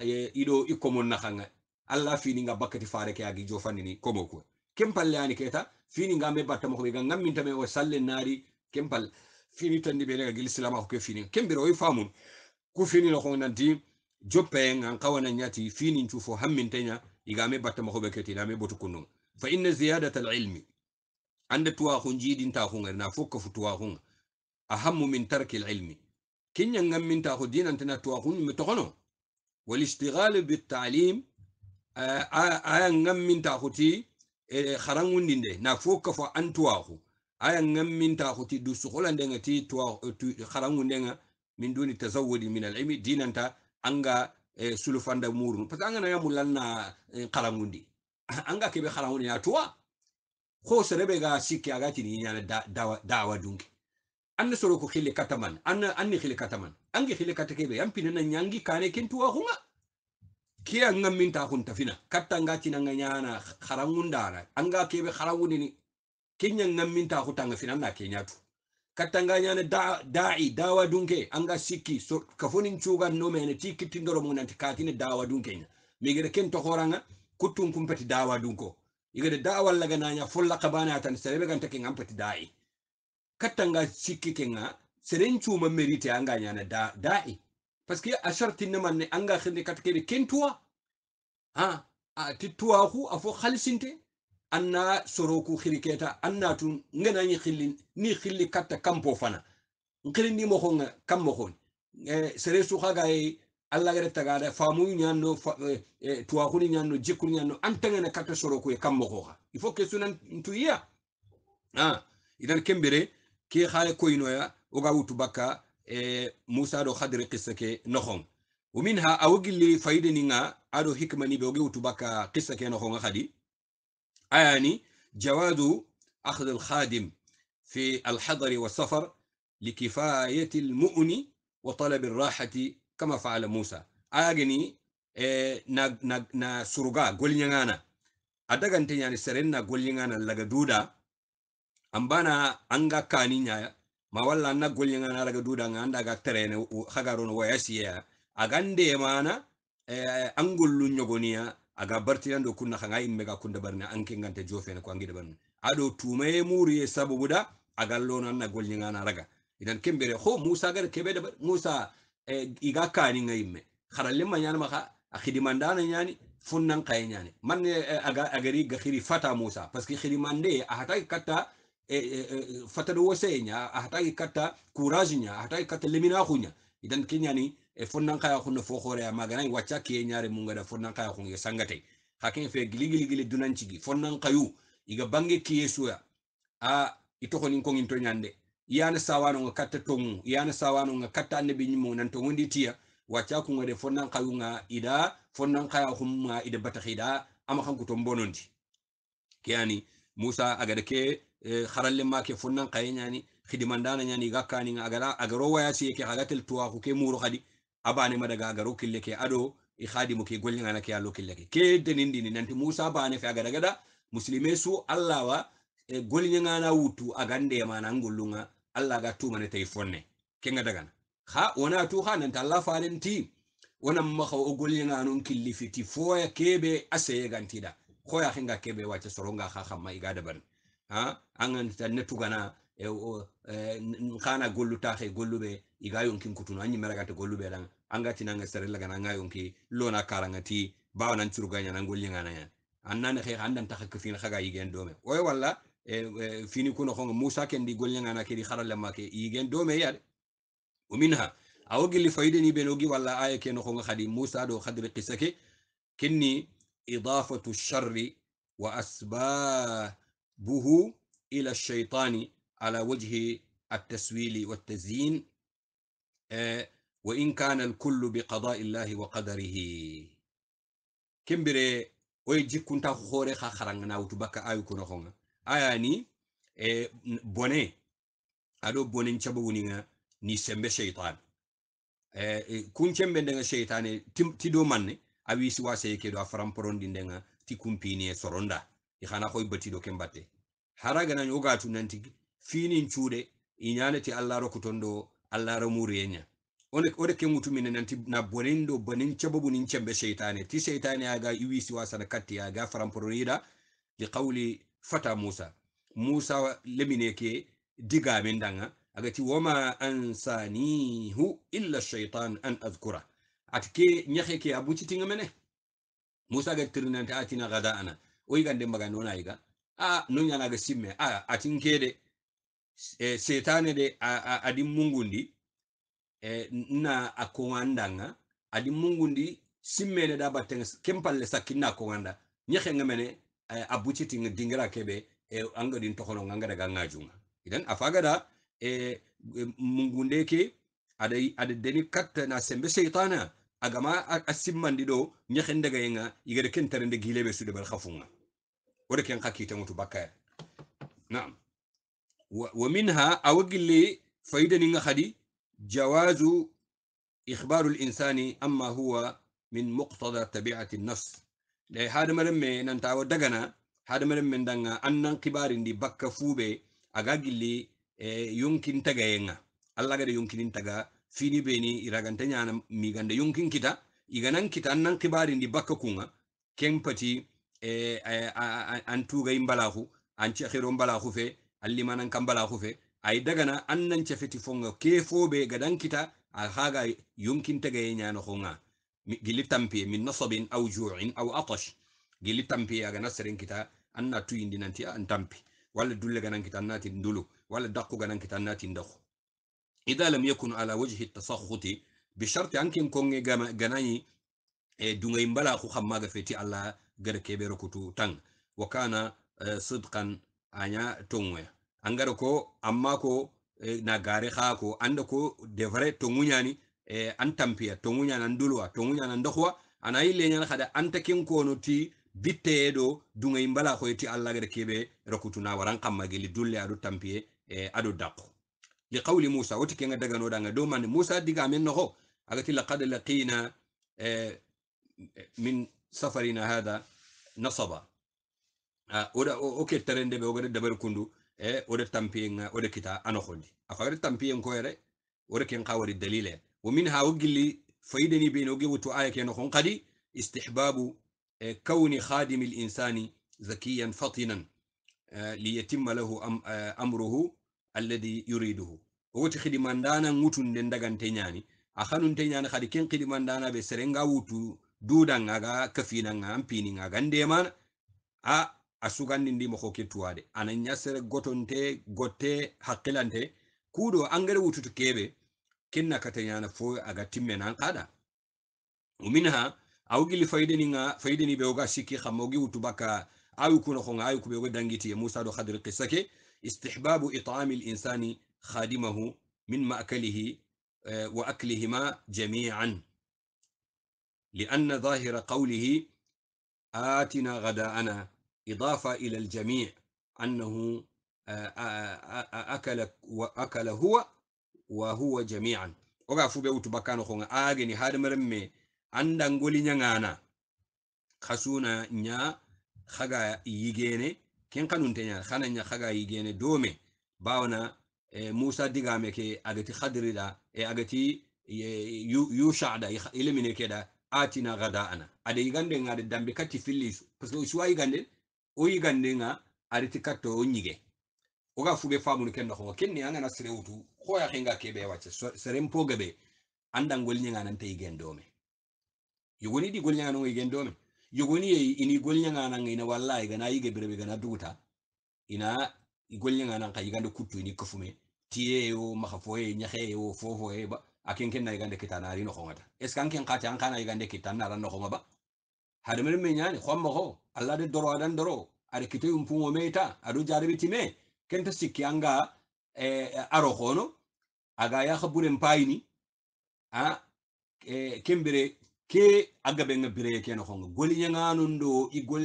ido ikomon nakanga alla fini nga bakati fare ke agi jofani ni komo ko kempal yani keta fini nga me batta mo be ga ngam mintame o salle nari kempal fini tan tandi be ga gil silama ko fini kembiro o famu ku fini no ko nanti joppe ngan kawana nyati fini ntufo hammintenya iga me batta mo be keti na me botu kunun fa inna ziyadata al anda tuwa hun jidin ta hun na fukka futuwa hun ahammu min tarki al ilmi kinya ngam min ta ho dinan tana tuwa hun mi والاشتغال بالتعليم ayan ngam min ta huti kharangundi de na foka fo antuwahu ayan ngam min ta huti du sukola de ngati tuwa nga min duni tazawudi min alilmi dinanta anga sulufanda murun parce anga na yamulan na kharangundi anga kebe kharangundi na tuwa ko serebe ga sikki agati ni nyana dawa dunki an soro ko khili kataman an an khili kataman an gi khili katake be an pinana nyangi kane kintuwa hunga kiya ngam min ta hun fina katta nga tinanga nyana kharangunda na anga kebe kharangundi ni kinya ngam min ta nga fina na kenya tu katta nga nyana da da'i dawa dunke anga siki so kafonin chuga no mene tikiti ndoro mun anti katine dawa dunke nya migere ken to horanga kutun kumpeti dawa dunko igere dawa laga nanya fulla kabana tan serebe ganta kin ampeti da'i katanga sikike nga seren chuma merite anga nyana da dai parce que tinne ne manne anga khinde katkere kentua ha a titua hu afo khalsinte anna soroku khiriketa anna tun ngena ni khilli ni khilli katta kampo fana ngirin ni mo kam mo khon e, sere su khaga e alla gare taga da famu nyanno e, e, tuwa kuni nyanno jikuni nyanno antanga na katta soroku e kam mo khoga il faut que sunan tuya ha idan kembere ke xaale koynoya oga wutu bakka e musa ɗo hadre qissa ke noxon wo min ha awo gilli fayideninga aɗo hikmani ɓe oge wutu bakka qissa ke noxonga xadi ayani jawadu akhd alkhadim fi alhadari wasafar likifayati almuni wa talabi rahati kama faala musa ayageni e, na, na, na suruga golñagana a dagante ñani seren laga duuda An bana an ga kani nyaya ma walla na golnga na daga duda nga anda ga terene hagaro no wayasiya agande mana eh, angullu nyogoniya aga bartirando kunna hanga imme ga kunda an anke ngante jofene ko angide barna ado tumaye muri e sabu da agallo nan na golnga na raga idan kembere ho musa gar kebe da musa eh, iga kani nga imme kharalle ma nyana ma akhidimandana nyani funnan kay nyani man eh, aga agari ga khiri fata musa parce que khidimande a hata katta e, e, e fatado wosenya ahataki kata courage nya ahataki kata lemina khunya idan ni e fonnan kaya khunna fo khore ya magana wacha ke nyare mungada fonnan kaya khunya sangate hakin fe giligili gili dunan chigi fonnan kayu iga bange ki ya a itoko nin kongin to nyande yana sawano nga katta tongu yana sawano nga ne bi nyimo nan to ngondi tiya wacha ku ngade fonnan kayu nga ida fonnan kaya khumma ida batakhida ama khanku to bonondi yani musa agada ke Eh, harallen make fonnan kaye ñani hidimandana ñani iga kaninga agara agaro ce ke tuwa ku ke muru hadi ma daga garo kille ke ado i mu ke ana ke allo kille ke ke denindini nan musa bane fe a gada gada muslime su allah wa e eh, golñagana ma nan ngollunga allah ga tumane tawi fonne kenga daga ha wona tu ha nanta allah faren ti wonan maha o golñaganon killi fiti foya da. Ko ya hinga kebe wace soronga ha hamma iga dabani ha angan ne tugana e, e, kana gollu taxe golluɓe iga yonkin kutunu a ñimmeragate golluɓe ɗan anga tinanga sere lagana anga yonki lona karanga ti bawanan curugañana ngollinganaya annane xe andan taxa kefin xaga yigen dome Wala walla e, fini kuno xonga musa ken di gollingana kedi xaralema ke yigen dome yade o min ha gilli fayideni ɓen ogi walla aya ke no xonga xadi musa ɗo xadri qisa ke idafatu sharri wa asbah به إلى الشيطان على وجه التسويل والتزيين وإن كان الكل بقضاء الله وقدره كمبري ويجي كنت خوري خخران ناوتو بكا آيو كنا خونغ آياني بوني أدو بوني نشبوني ni sembe sheitan kun cembe ndenga sheitane tido manne a wisi wase kedo a faramporondi ndenga ti kumpini e soronda ihana ko bati do kembatte hara nan yoga tunanti finin inyane ti allah ro kutondo allah ro muriyenya ode ke mutu min nanti na bonin ɗo bonin cababu nin cembe seytane ti seytane aga iwisi wasana katti aga faramporoniɗa li qawli fata musa musa lemineke digamen danga agati woma hu illa shaitan an adkura atke ke ñahe tingamene musa ga tirnanta atina gada ana oigande maga nona iga a ga simme a de e, setane de adi mungundi e, na nga adi mungundi ne da batten kempalle sakkinna akowanda nyehenga mene e, a bucitin dingira kebe e, din tohono anga daga ngajunga idan da e, e, mungunde ke ada ada deni kat na sembe setana agama a simmandi ɗo ñehen daga yenga igada kentarende guilebe sude bal hafunga wada ken kaki ta mutu baka ya, na'am wa minha awgilli faida ni nga khadi jawazu ikhbaru al-insani amma huwa min muqtada tabi'ati an-nas da hada malamme nan tawo dagana hada me danga annan kibari ndi bakka fube agagilli e yunkin yenga, Allah gade yunkin taga fini beni iraganta nyana mi ganda yunkin kita iganan kita annan kibari ndi bakka kunga kempati pati E, an tugay mbalahu an cehiro mbalahu fe allimanan ka mbalahu fe ay dagana an nan cefeti fonga ke gadan kita a haga na ñanoxonga gili tampiye min nasabin aw juin aw atash gili tampiye agana kita an na dinanti an tampi wala dulle ganankita annati ndulu kita daqu ganankita annati ndaxu ida lam yakun ala wajhi at-tasakhuti bi sharti anken konge ganañi e dungay mbalaxu xam ga feti allah gada kebe kutu tang wakana kana eh, anya tungwe angara ko amma ko eh, na gare ha ko anda ko de vrai tungunya ni eh, an tampiya tonguñani an dulwa tungunya nan dohwa ana yi leñal khada anta kin kono ti bitedo dungay mbala ko ti allah gada keɓe na waran kamma magili dulle adu tampie adu aɗo dakko li qawli musa daga kenga daga do man musa diga no ho agati laqad laqina min safarina hada nasaba oda oke terende be ogada dabar kundu e oda tampien oda kita anokhodi akawre tampien ko yere oda ken qawari dalile wa minha wogili faidani be nogi wutu aya ken khon qadi istihbabu كون خادم الإنسان ذكيا فطنا ليتم له أمره الذي يريده وتي خدمان دانا موتون دندغان تنياني أخانون تنياني خدي كين خدمان دانا بسرنغا وتو dudan aga kafinan an pinin agan deman a mo moko kettuwade anan yasere gotonte gotte hakkelante kuɗo angere wututu kebe kinna kata yana fo aga timmen an kaɗa uminha awgili faydeniga faydeni be oga sikki xamma ogi wutu bakka ayukuno xonga ku be oga dangiti e musa do khadir qissake istihbab it'am al insani khadimahu min makalihi eh, wa aklihima jamian لأن ظاهر قوله آتنا غداءنا إضافة إلى الجميع أنه أكل أكل هو وهو جميعا oga fube wutu bakano khonga ageni hadmaremme anda ngoli nyangana khasuna nya khaga yigene ken kanunte nya khana nya khaga yigene dome bawna e, musa digame ke agati khadrida e agati yusha da ilemine ke da atina gada'ana ada yigande nga ada dambe kati filli parce que suwa yigande o yigande nga ariti katto o nyige oga fube famunu kenna ko kenne anga na sere wutu ko ya kinga kebe wace sere mpo gabe andan golnya nga nante yigendome yugoni di golnya nga no yigendome yugoni e ini golnya nga nan ina wallahi gana yige birebe gana duguta ina golnya nga nan ka yigande kutu ni kofume tiye yo mahafoye nyaxe yo fofo ba akin kin na igande kita na rino khongata es kan ken khati an kana igande kita na ran khonga ba hada men men nyani khomma ko alla de doro adan doro ar kito yum pumo meta adu jarabi time ken to sikki anga e aro khono aga ya khabure mpaini a e kembere ke aga be bire ke no khonga goli nyanganun do i gol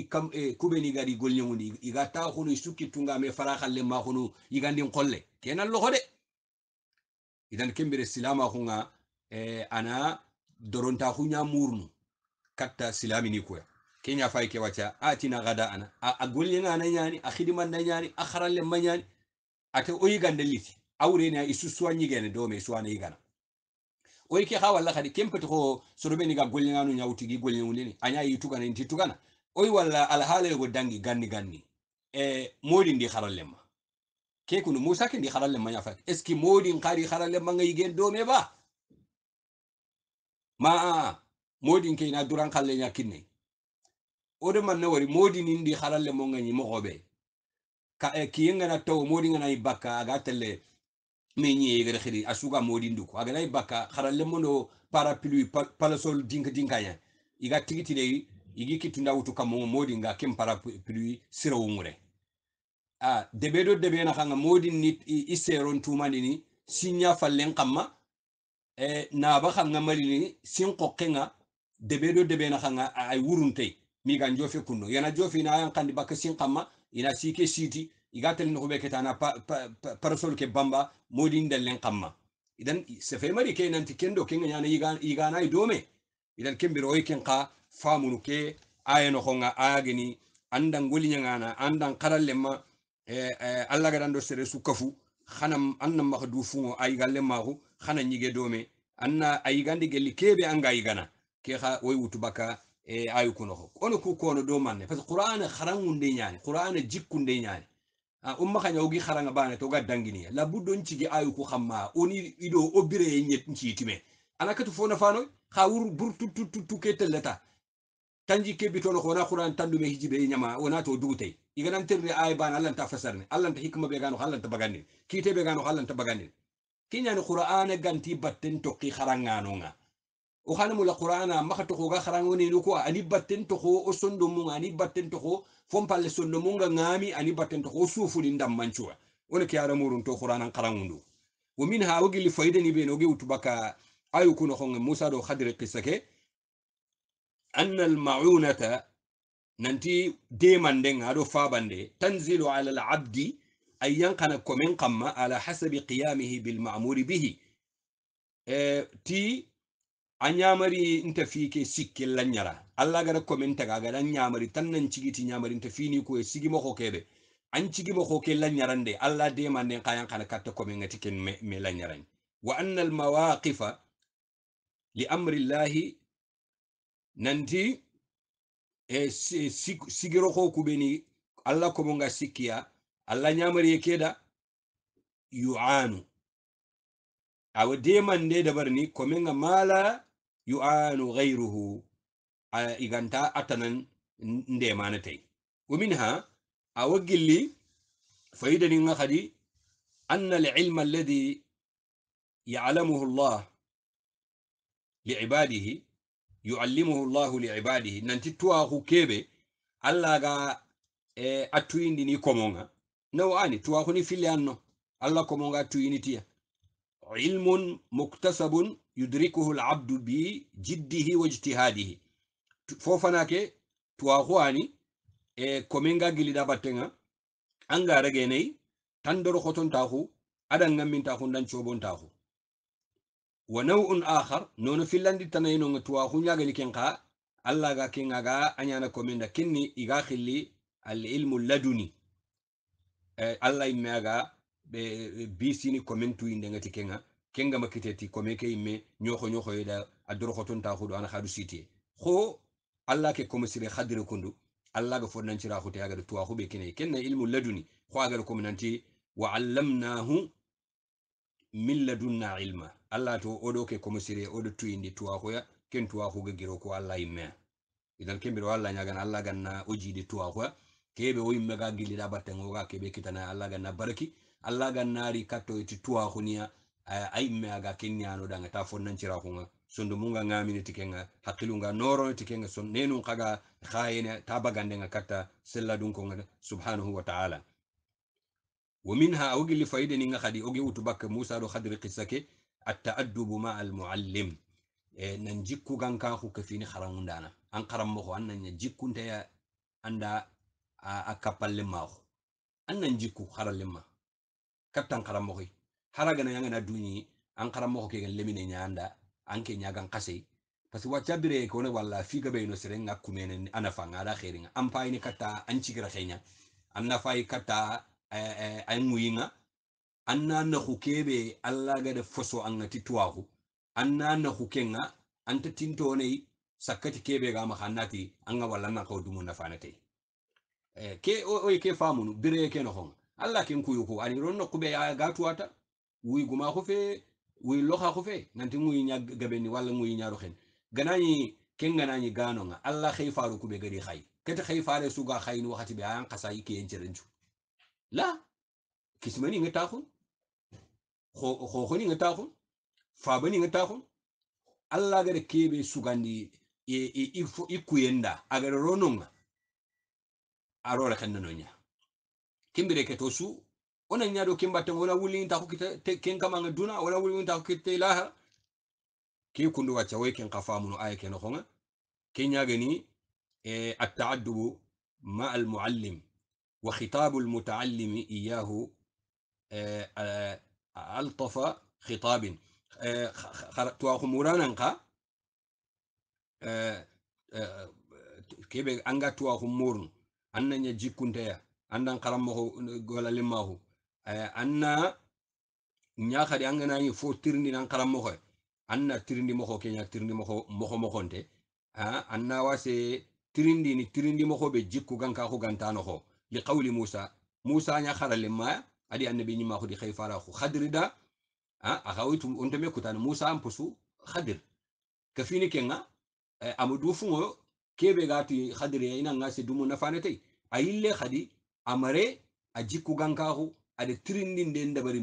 i kam e kubeni gari gol nyanguni iga ta khunu sukki tunga me fara khalle ma khunu igandin kholle kenan lo khode idan kembire silama hunga eh, ana doronta hunya murnu katta silami ni koya kenya fay ke wacha atina gada ana a, a golyenga na nyani a khidiman na nyani a kharalle ma nyani ate oyi gande liti awre ni isu suwanyi gene do me suwana igana oyi ke ha walla khadi kempe to sorobe ni ga golyenga no nyawti gi golyenga ni anya yitu kana inti tukana oyi walla alhala go dangi ganni ganni e eh, modi ndi kharalle ma ke kunu musa kin di kharalle manya fa eski modin kari kharalle ngay gen do me ba ma modi modin ke na duran khalle nya o de man wari modin di kharalle mo ngani mo gobe ka e eh, kiyinga na to modin ngana ibaka aga tele me e gere khiri asuga modin ko aga na ibaka kharalle mo no parapluie palasol ding dinka nya iga tigiti de igi kitunda utuka mo modin ga kem parapluie sira ngure a debe do debe na kanga modin ni iseron tumani ni sinya fallen kamma e na ba kanga mali ni sin kokkenga debe do debe na kanga ay wurunte mi gan jofe kunno yana jofe na yan kandi baka sin kamma ina sike siti igatel no be ketana pa, parasol ke bamba modin dalen kamma idan fe mari ke nanti kendo kenga yana igan igana me idan kembiro oy kenka famunu ke ayeno konga ageni andan golinyangana andan karalle ma Eh, eh, allah gaɗanɗo sere sukkafu hana anna maha du fuŋo a yigalle maahu hana ñige dome anna a yigandi gelli an anga yigana ke ha woy wutu baka e ayu kunoho ono ku kono do manne parce que qur'ana harangunde ñaani qur'ana jikkunde ñaani a ah, umma kaña ogi haranga bane toga danginiya labuddo ncigi ayu ku hamma oni iɗo o bireye ñet time anakatu fo nafanoy ha wur bur tuttututu ke telleta tanji kebi tono hona qur'an tandume hijibe e nyama wona to dugutay iganam terne ay ban allah ta fasarne allah ta hikma be gano allah ta bagandi kite be gano allah ta bagandi kinyani qur'ana ganti batten tokki kharangano nga o hanmu la qur'ana makato ko ga kharango ni ko ani batten to ko o sondo mun ani batten to ko fon palle sondo mun ga ngami ani batten to ko sufu ni ndam manchuwa wala ki ara murun to qur'ana qarangundu min ha wagi li faydani be no ge utubaka ayu kuno khonge musa do khadri qisake annal ma'unata nanti demandenga aɗo fabande tanzilu ala alabdi ay yankana komin kamma ala hasabi qiyamihi bilmamuri bihi e, ti a ñamari nta fi ke sikkilla lanyara, allah gara komin taga agaɗa ñamari tan nan cigiti ñamari nta fi fini koye sigimoko keɓe an cigimoko ke lañarande allah demanden ka yankana katta komin gati ken me, me lañarani wa anna almawaqifa li amri amrillahi nanti e sigiro ko kubeni allah ko bonga sikia alla nyamari keda yu'anu de dabar ni dabarni komenga mala yu'anu ghayruhu iganta atanan ndemanatay ومنها أوجل لي فايدة anna al-ilm alladhi ya'lamuhu Allah li'ibadihi yuallimuhu Allahu liibadihi nanti tuwa hukebe allah ga e, ni komonga na ani tuwa huni fille anno allah komonga tia ilmun muktasabun yudrikuhu abdu bi jiddihi wa ijtihadihi fofanake tuwa huwani e, komenga gilida battenga anga regenei tan khotontahu hoton tahu adan cobon tahu wa naw'un akhar nono fillandi tanay no tuwa hunya gali ken ka alla ga ken aga anyana komenda kinni iga khilli al ilmu laduni e, alla imme aga be bisini komentu inde ngati kenga kenga makiteti komeke imme nyoko nyoko ida adoro khotun ta khudu ana khadu siti kho alla ke komisire khadire kundu alla ga fonnan cira khuti aga tuwa khube kene kenna ilmu laduni kho aga komenanti wa allamnahu min ladunna ilma alla to odo ke odo commissaire oɗo tuyindi tuwakoya ken tuwakuge giro ko allah yimmea idan kembiro allah ñagan allah ganna o jiidi tuwakoya kebe o yimme ga gilliɗa battengoga keɓe kitana alla ganna baraki katto iti kattoyti tuwakuniya a yimme aga kenniyanoɗanga ta fonnanncirakunga sondo munga ngamini tikenga hakkilunga norono tikenga son nenun kaga khayene ta bagandenga katta sella dun konga subhanahu wa ta'ala wa minha awgili faide ninga khadi oge utu bakke musa do khadri qissake التأدب مع المعلم ننجيكو كان كاخو كفيني خرامون دانا أن خرامو أن ننجيكو انت أندا أكبل لما أخو أن ننجيكو خرال لما كبتان خرامو haragana yangana duni an karamo ko kegen lemine nyanda anke nyagan kase parce wa chabire ko ne walla fi ga beno serenga kumene ana fanga da khairinga am payni kata an cigira khenya am na fay kata ay muyinga anna na hukebe Allah ga da faso an ngati ku anna na hukenga anta tinto ne sakati kebe ga mahannati an ga wallan ka dumu na fanate eh, ke o, o ke famu bire ke no hon Allah ken ku ko ani ronno kube ya tuwata wi guma ko fe wi loha ko fe nanti muy nya gabeni walla muy nya rohen ganani ken ganani gano nga Allah khay faru kube gari khay kete khay su ga khay ni wakati bi an qasa yike en la kismani ngata ko hohoni nga taxun fabani nga taxun alla gada kebe sugandi i kuyenda agada rononga arora kannanonya kimbire ke to su ona ñaɗo kimbatten wuli wuliinta ko kita ken nga duna wuli wuliinta ko kitta ilaha ki kundu wacca woy ken ka no aya keno honga ke ñagani e attaadubu ma al almuallim wa khitabu almutaallimi iyahu e, altafa khitabin eh, tuwakhumuranan kha eh, eh, keɓe anga tuwakhumurun anna ña jikkunteya andan kharamokho gola limakhu anna ña khadi anganagni fo tirindi nan kharamokhoye anna tirindi mokho keña tirindi mokho mokho mokhonte anna wase tirindi ni tirindi mokho ɓe jikku gankakhu gantanokho liqawli musa musa ña khara limmaya adi annabi ñima hudi hay fara ko hadrida ah, a hawaitu on tome kutan musa an pusu hadir ka fini kenga eh, amu dufungo kebe gati hadir ya ina ngasi dumu na fanete ayille khadi amare ajiku gankahu ade tirindi nden dabari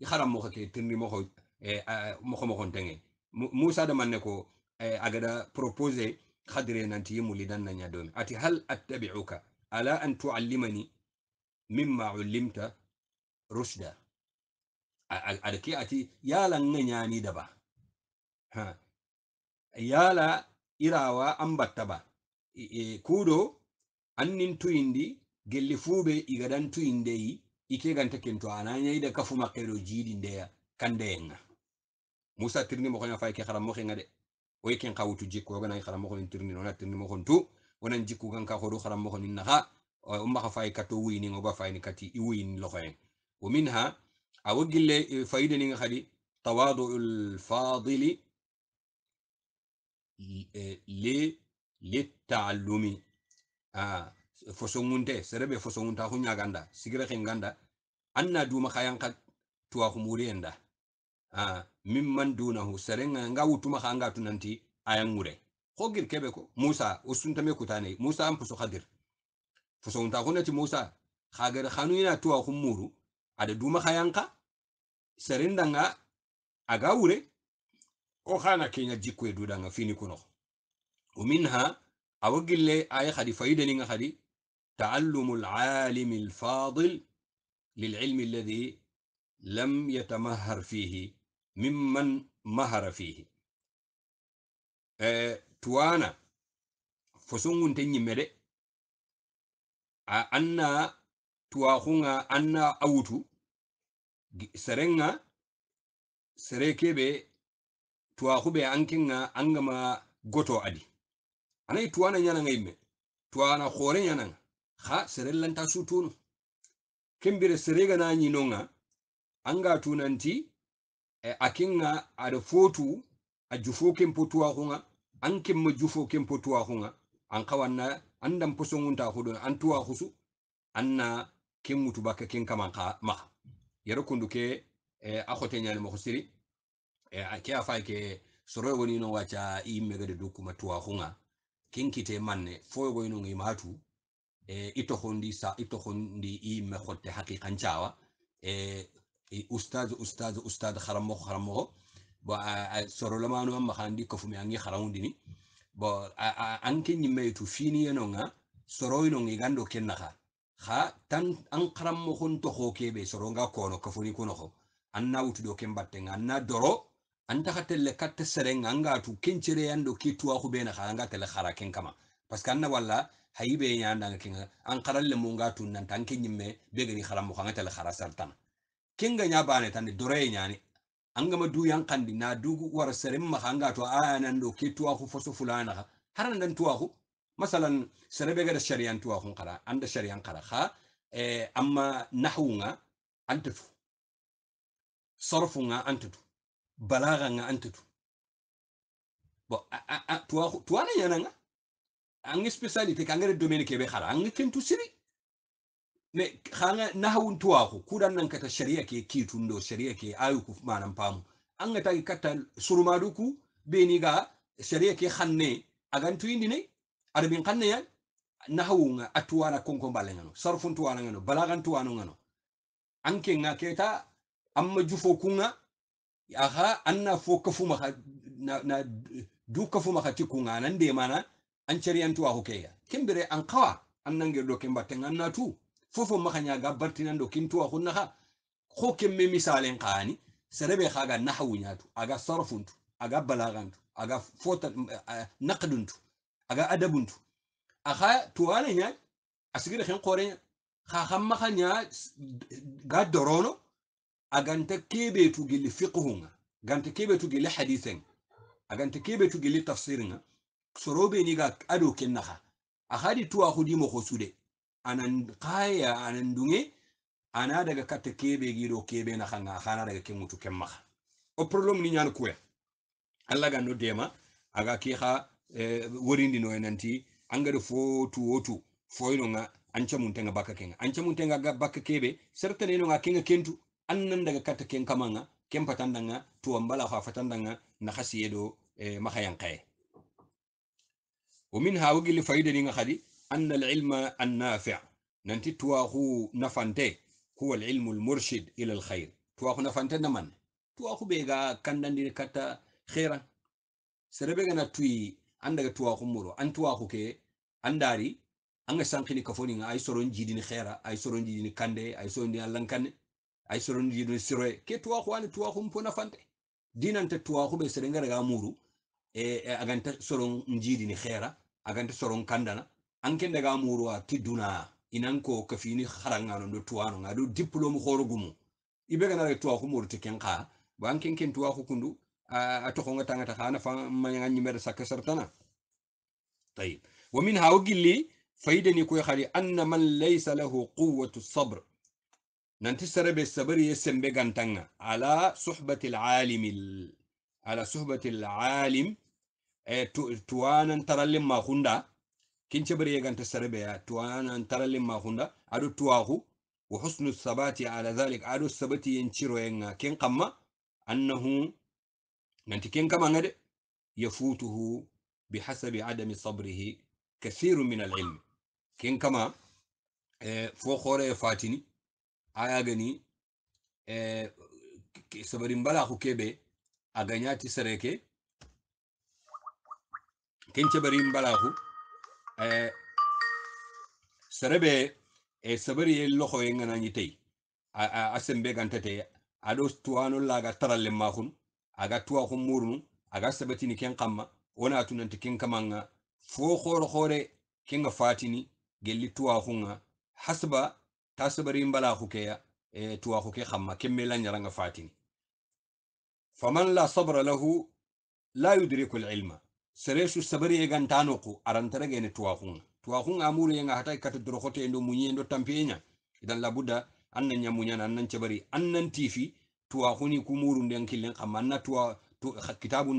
eh, haram mo ke tirindi mo eh, ho mo ko mo kontenge musa da manne ko agada proposer hadir nanti yimuli dan nanya domi ati hal attabi'uka ala an tu'allimani mimma 'allimta rushda adake ati yala ni daba ha yala irawa an batta ba kudo annin di gelli be igadan tuyindeyi ikeganta kento da kafu ya kan da kandeyenga musa tirni moxoña fay ke xaramoxenga de oyi ken xa wutu jikko mako ni tirni ona tirni mako tu jikko jikkugan ka xoɗu xaramoxonin naxa ka maxa fay kato ba oba fayni kati i ni loxoyen wa ha awo gille faida nin hadi tawadu'ul fadili li litta'allumi a fosongunte serebe fosongunta hu ñaganda sigire hen ganda anna duma hayanka tuwa humuri enda a mimman dunahu serenga nga wutuma ha nga tunanti ayangure hogir kebe ko musa usuntame kutane musa an puso hadir fosongunta hunati musa hagar hanu ina tuwa humuru ada duma hayanka serinda nga aga wure ko hana kinya jikwe duda nga fini kuno uminha awagille ay khadi faide ni nga khadi ta'allumul alim al fadil lil ilm alladhi lam yatamahhar fihi mimman mahara fihi e, tuana fosungun tenyimede a anna tuwaxunga anna awutu serenga sere kebe tuwaxube an angama goto adi anayi tuwana ñananga yimme tuwana xoore ñananga xa sere lanta sutunu kembire serega na ñinonga anga tunanti e, akinga ada fotu a jufo kempo tuwaxunga an kemma jufo kempo tuwaxunga an xawanna an dan posongunta xuɗon an tuwaxusu an na ken ŋutu bakke ken kaman ka maxa yero kundu ke eh, a xote ñani moxo siri eh, a ke a fay ke soroyo gonino e waca i megede do kuma tuwaxunga ken kite manne foyo e goyinonga imatu eh, i toxondi sa i toxondi i kote xotte xaqiqan cawa eh, ustad ustad ustad xaramoxo xaramoxo bo an sorolamano a maxandi kofume angi xarawundini bo anke ñimmeyitu fini yenonga soroyinonga e gando kenna naxa ha tan an mo hon to ho keɓe soronga kono kafoni kono ho anna wutuɗo ken battenga anna doro anta ha telle katte serenga anga tu kencere yando ke tuwaku ɓena ha anga tele hara ken kama parce ce que anna walla hayiɓe ñandanga kinga an karalle mo nga tu nan an ke ñimme kharam mo hanga tele hara tan kenga ñabane nya ni ñani angama du yankandi na dugu wara seren maha anga to ayanando ke tuwaku foso fulanaha haranan tuwaku masalan serebe gada shari'an tuwa hun kara anda shari'an kara ha eh, amma nahwunga antutu sorfunga antutu balaganga antutu bo a, a, a, tuwa tuwa na yananga angi speciality kangere domaine kebe kara angi kentu siri me kanga nahawun tuwa ku kudan nan kata shari'a ke kitundo shari'a ke ayuku manan pamu an ga tagi kata surmaduku beni ga shari'a ke hanne agantu indi ne ada min kanne yan nahawunga atuwana konko balangano sarfun tuwana ngano balagan tuwana ngano anke nga keta amma jufo kunga aha anna fo kafu maka na, na du kafu maka tikunga nan de mana an cariyan tuwa hokeya kimbere an kawa an nange do kimba tenga na tu fofo maka nya ga bartinan do kin tuwa kunna ha ko kemme misalen qani serebe khaga nahawunya tu aga sarfuntu aga balagantu aga fota naqduntu aga adabuntu aha tuwane nya asigira hen kore nya ha hamma khanya ga dorono aganta kebe tu gili fiqhunga ganta kebe tu gili hadithen aganta kebe tu gili tafsiringa sorobe ni ga ado kennaha ahadi tuwa hudi mo khosude anan qaya anan dunge ana daga katta kebe gido kebe na khanga khana daga kemutu kemma o problem ni nyan kuya Allah ga no dema aga ki kha Eh, worindi no nanti angade fo tuwotu foyno nga anca mun tenga bakka kenga anca mun tenga ga baka kebe serta neno nga kenga kentu annan daga katta ken kamanga ken patanda nga ambala fa fatanda nga na khasiye do eh, makayan kaye ومن هاوغي لفايدة نيغا خدي أن العلم النافع ننتي تواخو نفانتي هو العلم المرشد إلى الخير تواخو نفانتي نمان تواخو بيغا كندن دي كتا خيرا سربيغا نتوي an daga tuwa muro an tuwa an ga anga sankini kafoni ai ay soron jidini khaira ai soron jidini kande ai soron allan kande ai soron jidini siroye ke tuwa an tuwa fante dinan ta tuwa khube serengara ga muru e, e aganta soron jidini khera aganta soron kandana anke daga muru a tiduna ko kafini kharangano do tuwano nga do diplome khoro gumu ibe na tuwa khumuru tekenka an ken tuwa kundu a toxonga tangata xana fa mañanga ñimere sakka sartana tayib wa min ha wo gilli ni koy xadi an man laysa lahu quwatu sabr nanti sarebe sabari ye sembe gantanga ala suhbati alalimi ala suhbati alalim e tuwanan tarallin maxunda kince bari ye ganta sarebe ya tuwanan ma maxunda adu tuwaxu wa husnu sabati ala zalik adu sabati ciro ciroyenga kin qamma annahu nanti ken kamanga de yafutuhu bihasabi adami sabrihi kasiru min alilmi kin kama e, fo hoore fatini ayagani e, sabari mbalaku keɓe a ti gañati sereke ken ceɓari mbalaku e, serebe e sabari e lohoye ganani tey a sembe gantete aɗo tuwano laga taralle makunu aga tuwa ko aga aga sabatini ken tunan wona tunanti ken kamanga fo khoro khore kenga fatini gelli tuwa khunga hasba tasbari mbala khukeya e tuwa khuke lanyara nga nyaranga fatini faman la sabra lahu la yudriku alilma seresu sabari e gantano ku, arantara gene tuwa khunga tuwa khunga amuru yenga hata kata dorokhote ndo munyi ndo idan labuda annan nyamunyana annan chabari annan tifi tuwa huni kumuru nden killen kamma anna tuwa kitabu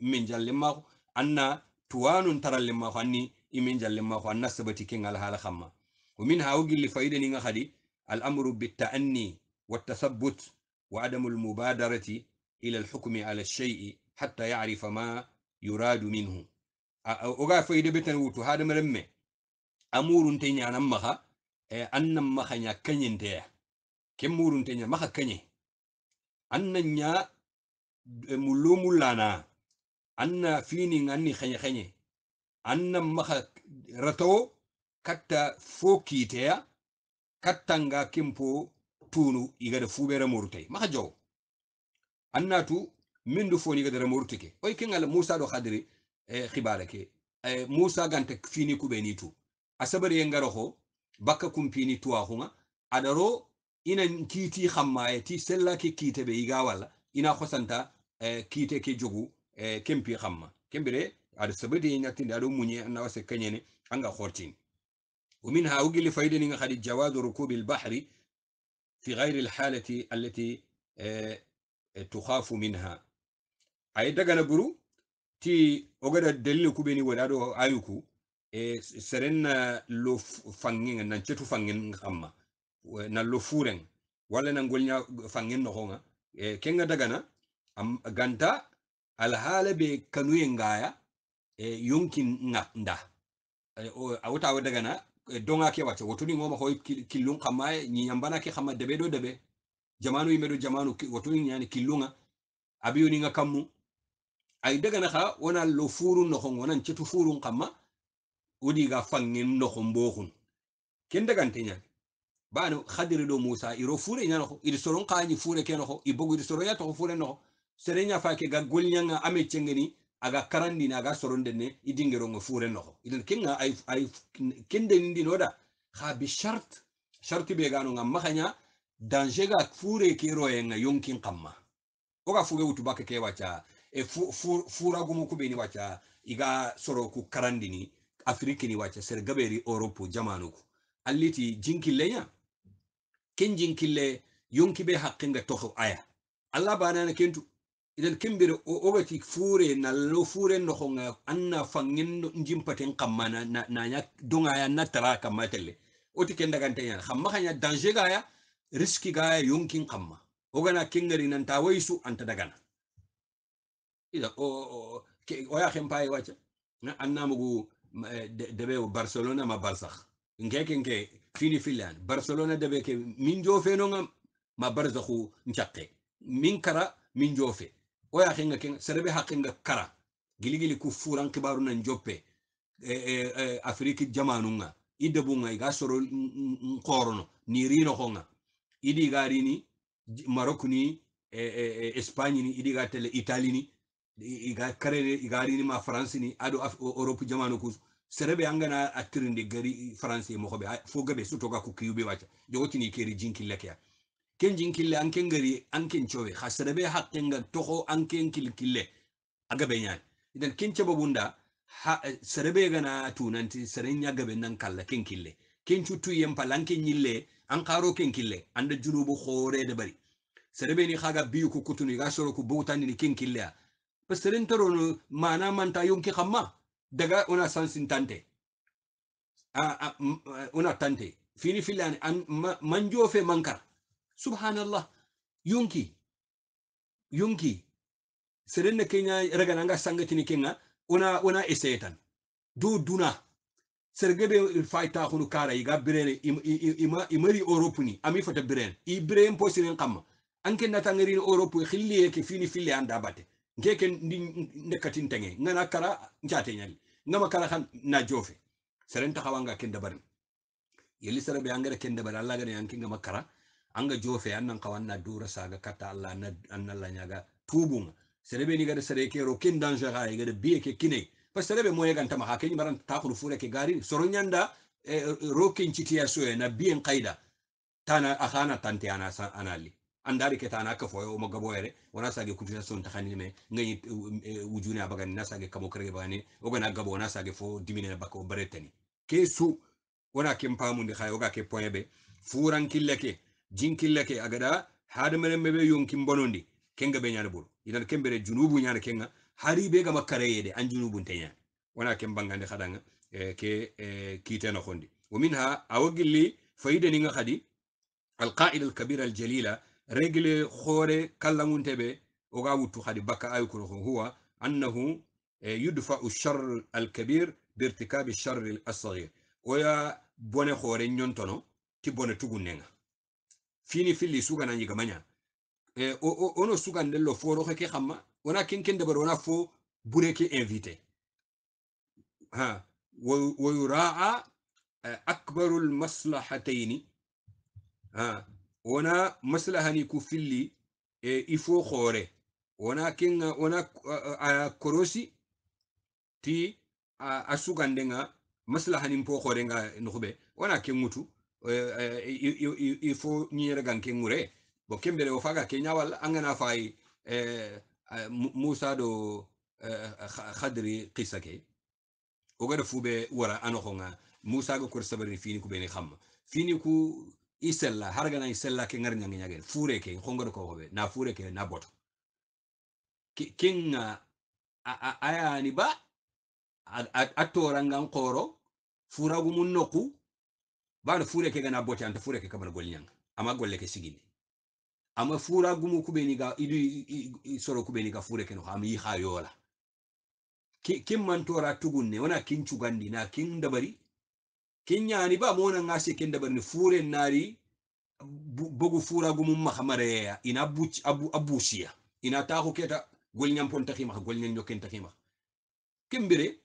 min jallen mako anna tuwanun tarallen mako anni imin mako anna sabati ken alhala kamma wa min hawu gilli faida ninga hadi al'amru bitta'anni والتثبت وعدم mubadarati إلى الحكم على الشيء حتى يعرف ما يراد منه أغا فايدة بتن وتو هذا مرمي أمور تنيا نمخا أنم مخا نيا كنين تيا كم مور تنيا مخا كنين anna nya eh, mullo mullana anna finin anni khanye khanye anna maha rato katta fo kiteya kattanga kimpo tunu igada fubere murutay maha jow annatu min du foni igada murute ke oy kingala musa do khadri eh, khibara ke eh, musa ganta fini kubeni tu asabari yengaro ho bakka kumpini tuwa huma adaro ina kiti xammaye ti sella ke kite be iga wala ina xosanta eh, kite ke jogu eh, kempi xamma kembire ada sabati ñattinde aɗo munye na wase kanyene anga ni khadi hortini ومنها وقل فايدة نغخد جواز ركوب البحر في غير الحالة التي guru ti ogada دغنا ku beni wada do ayuku ودادو آيوكو lo fangin nan نانشتو fangin خما na lofuren wala na golña fangen honga e kenga na am ganta alhaala be kanuye ngaya e yonkin nga nda e, a wota wo dagana e, donga ke wacce wotuni ngoma hoy killun xamma ñiyambana e, ke xamma debe do debe jamanu yime ɗo jamanu wotuni ñani ni nga kammu ay na xa wana lo no noxon wonan cetu furun udi ga fangen noxon boxun ken dagante ñani bano khadiri do musa iro fure nya no iri soron kanyi fure ke no ibogu iri soronya to fure no serenya fa ke ga golnya nga ame chengeni aga karandi na aga soron denne idingero nga fure no idan kinga ay ay kende ndi noda kha bi shart sharti be gano nga makanya danger ga fure ke roye nga yonkin kamma oga fure utuba ke ke wacha e fura gumu kubeni wacha iga soro ku karandini afriki ni wacha ser gaberi europe jamanu alliti jinki lenya ken jinkille yonki be haqqinga toho aya allah banana kentu idan kimbire ogati fure lo fure nohonga anna njim jimpaten kamana na nya dunga ya na tara kamma telle oti ken daga tanya kamma nya danger gaya riski ya yonkin kamma ogana kingari nan ta waisu anta na ida o oya kempa e wacha na annamugu eh, debe barcelona ma barsax ngeke ngeke fini filan barcelona da beke min jofe ngam ma barzakhu nchaqe min kara min jofe o ya hinga ken serbe hakinga kara giligili ku furan kibaru nan joppe e, e, e, afriki jamanunga nga ga soro nkorono ni rino honga idi gari ni marok ni e, e, espagne ni idi gatele itali ni iga kare ni iga rini ma france ni ado europe jamanu kusu serebe angana attirinde gari français e mo hobe fo gabe su ga ku kiyube wacha jogotini keri jinkilla kya ken an anken gari anken chowe ha serebe hakkenga toho anken kilkille aga be nyaani idan ken babunda ha serebe gana tunanti nya gabe nan kalla ken kille ken cutu yem palanke nyille an karo ken kille da junubu khore de bari serebe ni khaga biyu ku kutuni ga soro ku botani ni ken kille ba toro mana manta yonki khamma daga una a eh, una tante fini filani an manjofe mankar subhanallah yunki yunki ne kenya sangati ni kenga una una esetan du duna sergebe fayta khunu kara iga birene ima imari europe ni ami fota birene i birene posiren kamma anke natangerin europe khilli ke fini filli anda bate ngeke ndekatin tenge ngana kara njate nyali ngama kala kan na jofe serenta kawanga kenda barin yeli sarabe angara kenda bar Allah gane yankin ngama kara anga jofe annan kawanna dura saga kata Allah eh, na annalla nyaga tubum be ni gada ke ro kin danger ga gada biye ke kine parce be moye ganta ma hakeni maran ta kulu fure ke gari soronyanda rokin citiya so na biyen qaida tana akana tante ana anali andari ke tana ka foyo mo gabo yere wana sage kutina son ta khani me ngay eh, wujune abagan na sage kamo kare bani o gana gabo na sage fo dimine na bako baretani ke su wana ke mpamu ndi khayo ga ke poyebe furan killeke jin killeke agada hadamere mebe yonkin bonondi kenga be nyaana buru idan kembere junubu nyaana kenga hari be ga makare yede an junubun tenya wana kem bangande khadanga eh, ke eh, kite no khondi ومنها أوجل لي فايدة نيغا خدي القاعدة الكبيرة الجليلة regle khore kallamunte be oga wuttu hadi bakka ayukuro kon huwa annahu yudfa'u sharr alkabir birtikabi sharr alsaghir oya bone khore nyontono ti bone tugunnenga fini filli sugana nyiga manya e, o, o, ono sugandello foro ke xamma wona kenkende bar wona fo bureke invité ها ويراعى أكبر المصلحتين ها wona maslahani ku filli e il faut hoore wona kenga wona a korosi ti a sugandenga maslahanin po hoorenga nohuɓe wona kengutu e, e, il faut ke ngure bo kembele o faga kenya walla angana fayi e, musa do hadri qissa ke o gada fuɓe wara anokhonga musa ga kor sabarini fini ku ɓeni kham fini ku i sella har gana i sella ke ngar nyangi nyage fure ke khongor ko hobe na fure ke na boto kinga aya ni ba atorangan koro gu mun noku na fure ke gana bote anta fure ke gol golnyang ama golle ke sigini ama gu mu kubeni ga idu soro kubeni ga fure ke no am yi khayola kim man tora tugunne wana kin cugandi na kin dabari ni ba mona ngashi kenda bani fure nari bugu fura gumu ya ina abuch abu abushia ina taho keta nyam pon gol nyen nyoken takhima kimbire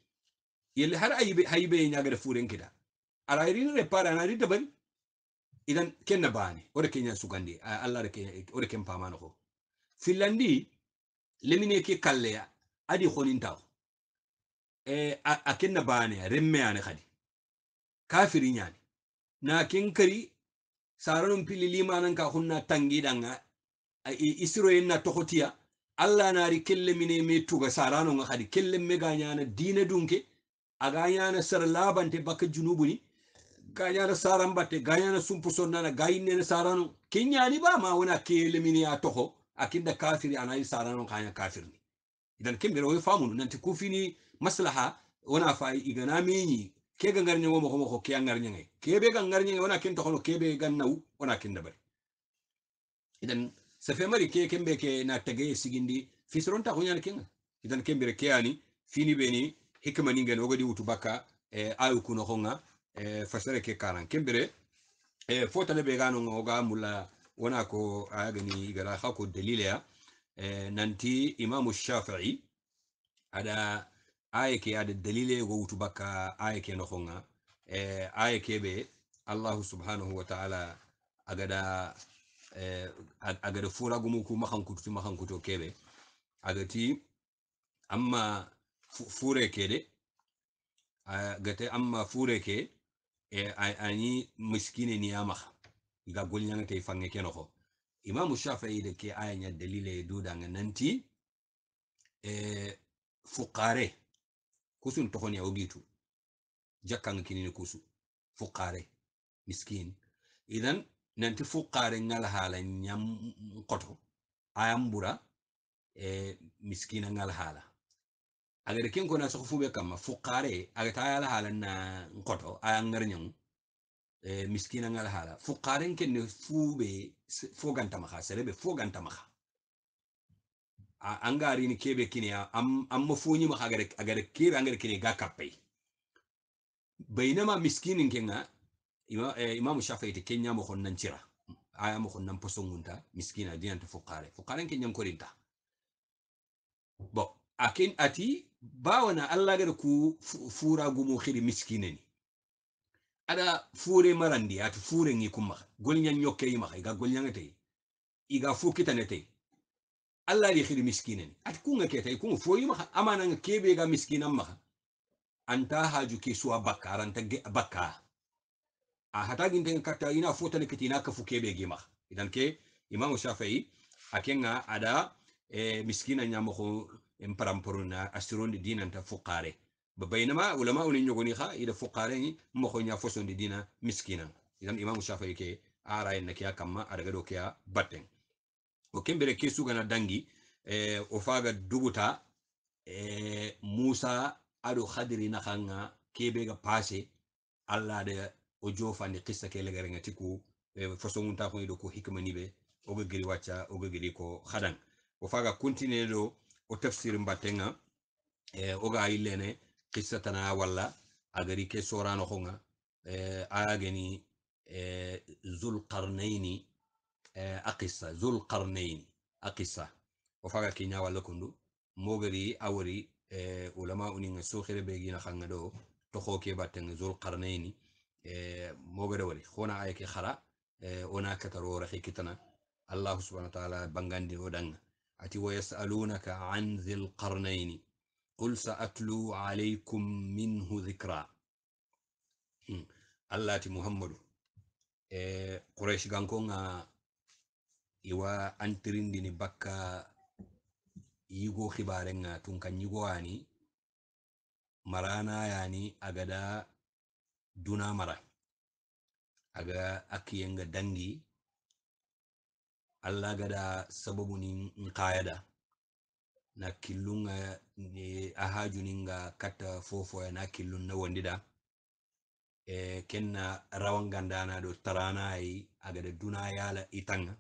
yelle har aybe haybe ñagare fure kida ala irin repara na de ban idan kenna bani ore kenya sugandi allah re kenya ore ken pamano ko filandi lemine ke kalle adi khoninta e eh, a kenna bani remme ane khadi kafiri ne, na kenkari saranum pili limanan ka hunna a isiroyen na tohotiya allah na ri kille mine me tuga ga hadi kille me ga na dina dunke a aga ñana sara labante bakka junubuni ga saran bate, ga ñana sumpu sonnana ga na sarano ke ni ba ma wona kelle mine ya toho da kafiri anayi sarano kafir ne. idan kembere woy famunu nanti kufini maslaha wona fai igana mini ke ga ngarnye wo moko ko ke ngarnye ngai ke be ga ngarnye wana kin to hono ke be ga nau wana kin da idan safe mari ke kembe ke na tage sigindi fisron ta hunya kin idan kembe ke ani fini beni hikma ninga no gadi wutu baka e ayu kuno honga e fasare ke karan kembere e fota le be ga no ngoga mula wana ko agani gara hako dalila e nanti imamu shafi'i ada aye ke ade dalile go wutu bakka aya ke noxonga e eh, ke be allahu subhanahu wa taala agada eh, agada gumu ku maxankutu ti maxankuto kebe agati amma fure ke de agate amma fure ke e, ani miskine ga iga te fange ke noho imam shafii de ke aya ña dalile dudanga nanti e, fuqare kusun tohoni o gitu jakkanga kinini kusu fuqare miskin idan nanti fuqare ngal hala nyam koto ayam bura e eh, miskin ngal haala agada ken so fu be kamma fuqare ta ala hala na koto aya ngar nyam e eh, miskin ngal haala fuqaren kenne fuɓe fogantamaha serebe fogantamaha ni kebe kineya am mafuni ma agara agara kebe angara kini ga kappay baynama miskinin kenga ima e, imamu shafii te kenya xon nan cira aya xon nan posongunta miskina dinanta fuqare fuqaren ke ñankorinta bo akin ati bawana allah gara ku fura gumu khiri miskineni ada fure marandi ati fure ngi kumma ga ñokke yimaxa iga golñangetey iga fukkitanetey allah li khiri miskinin At kunga keta ikunga foyi maha amana nga kebe ga miskina maha anta haju ke suwa baka aranta ge baka a hata ginte karta ina fota kitina ka fu kebe ge maha idan ke imamu Ake nga ada e, miskina emparamporuna asiron di dinan ta Babayna ma ulama unin yogoni kha ida fukare ni mokho nya foson di dina miskina idan imamu shafi'i ke ara en kama a daga do ke o kembere ke sugana dangi eh, o faga duguta e, musa aɗo hadiri naxanga kebe ga pase alla de o jofandi qissa ke faso ti ku eh, fosongunta kuniɗo ko hikmani ɓe oga giri wacca oga giri ko hadan o faga continue ɗo o tafsir mbattenga eh, oga yillene qissa tana walla agari ke sorano xonga eh, ageni eh, zulqarnaini Akisa zul karnaini akisa kofa ka kenya waa lakandu mobedi a wuri ulamai u ni nka saukira do to koke ba tanga zul karnaini mobed wani kowani a ke kara ko na akatarwa ra kitana allahu subhanahu wa ta'a la ban gandi ko danga a zil qarnaini kul sa'a tulow Alaykum min hu zikara. Allatu Muhammadu Quraysh gankonga. iwa antirindini bakka yigo hibarenga tun kan yigo ani marana yani agada duna mara aga akiyenga dangi allah gada sababu ni nkayada na killunga ahajuninga katta fofoya na killun na wandida e, kenna rawangandana do taranayi agada duna yala itanga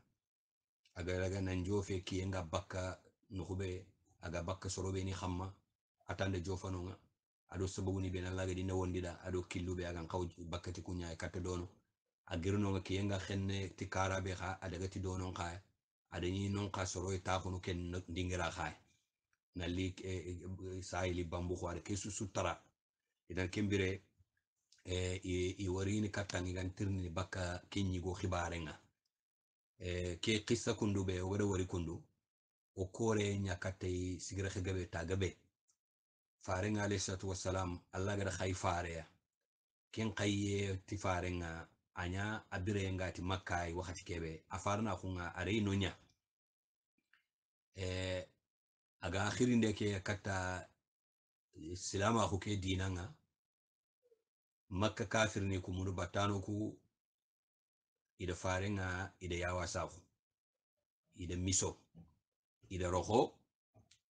aga daga nan jofe kiyenga bakka nukube aga bakka sorobe ni khamma atande jofanonga ado sababu ni bena laga dina wondida ado killube agan kaw bakka ti kunya katta dono agirnonga kiyenga khenne ti karabe kha adaga ti donon kha adani non kha soro ta khunu ken dingira kha nalli e, e, sahili bambu khwar ke su sutara idan kembire e i warini katta yi gan tirni bakka kinyi go nga eh, ke kissa kundu be wada wari kundu o kore nyakate sigira gabe taga be farenga alayhi salatu wassalam allah gada xay fareya kin qayye ti farenga anya abirenga ti makkay waxati kebe a farna kunga no nya eh, aga akhiri ke katta silama ku dinanga makka kafir ne ku munu ku ida faringa ida yawa safu ida miso ida roho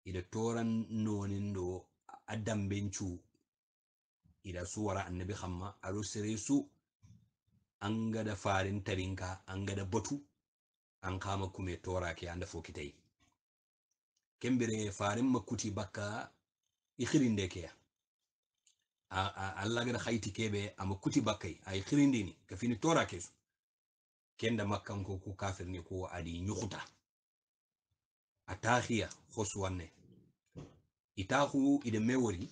ida toran nonin do adam bencu ida suwara annabi hamma aro sere anga da farin tarinka anga da batu an kama kume tora ke anda fokitai kembire farin makuti bakka ikhirinde a allah gada hayti kebe amma kuti bakai ay khirindini ka fini tora kesu kenda makkan ko ku kafir ni ko adi nyukuta atahiya khoswanne itahu ide mewori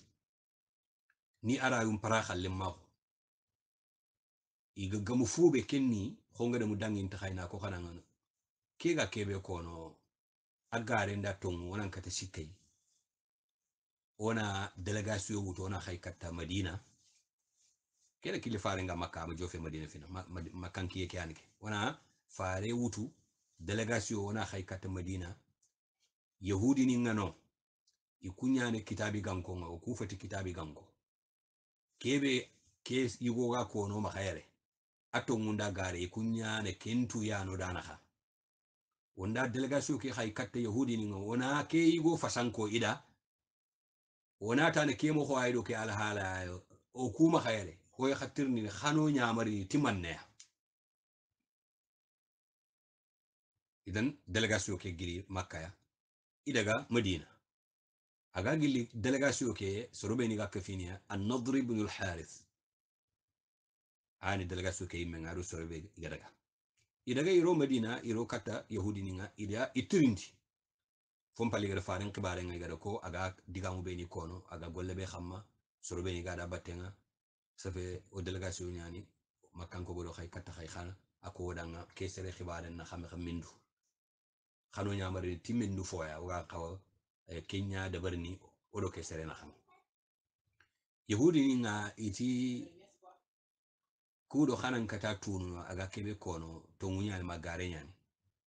ni arayum para khalle mako iga gamu fube kenni honga mu dangin ta khayna ko khana ngana ke ga kebe kono agare nda tongu wonan kata sikai ona delegation wuto ona khay katta madina kene kili fare nga makka ma jofe madina fina makanki yake anke wana fare wutu delegation wana haykata madina yahudi ni ngano ikunyane kitabi ganko nga okufati kitabi ganko kebe kes igoga kono mahayere ato ngunda gare ikunyane kentu yano danaha wanda delegation ke haykata yahudi ni ngano. wana ke yugo fasanko ida wana tane kemo hoaydo ke alhala o kuma hayere koy khatir ni khano ti timanne idan delegation ke giri makka ya idaga madina aga gili delegation ke sorobeni ga kafiniya an-nadr ibn al-harith ani delegation ke mengaru sorobe idaga idaga iro madina iro kata yahudi ninga ida itirindi fompali gara farin kibare ngai ko aga digamu beni kono aga golle be khamma sorobeni ga da batenga sabe o delegation ñani makanko godo xay katta xay xana ako ke sere xibaren na xame xam mindu xano ñama re ti mindu foya oga xawa eh, o do ke sere na xam yahudi ni nga iti kudo xanan kata tunu aga kebe kono to muñal ma gare o ñani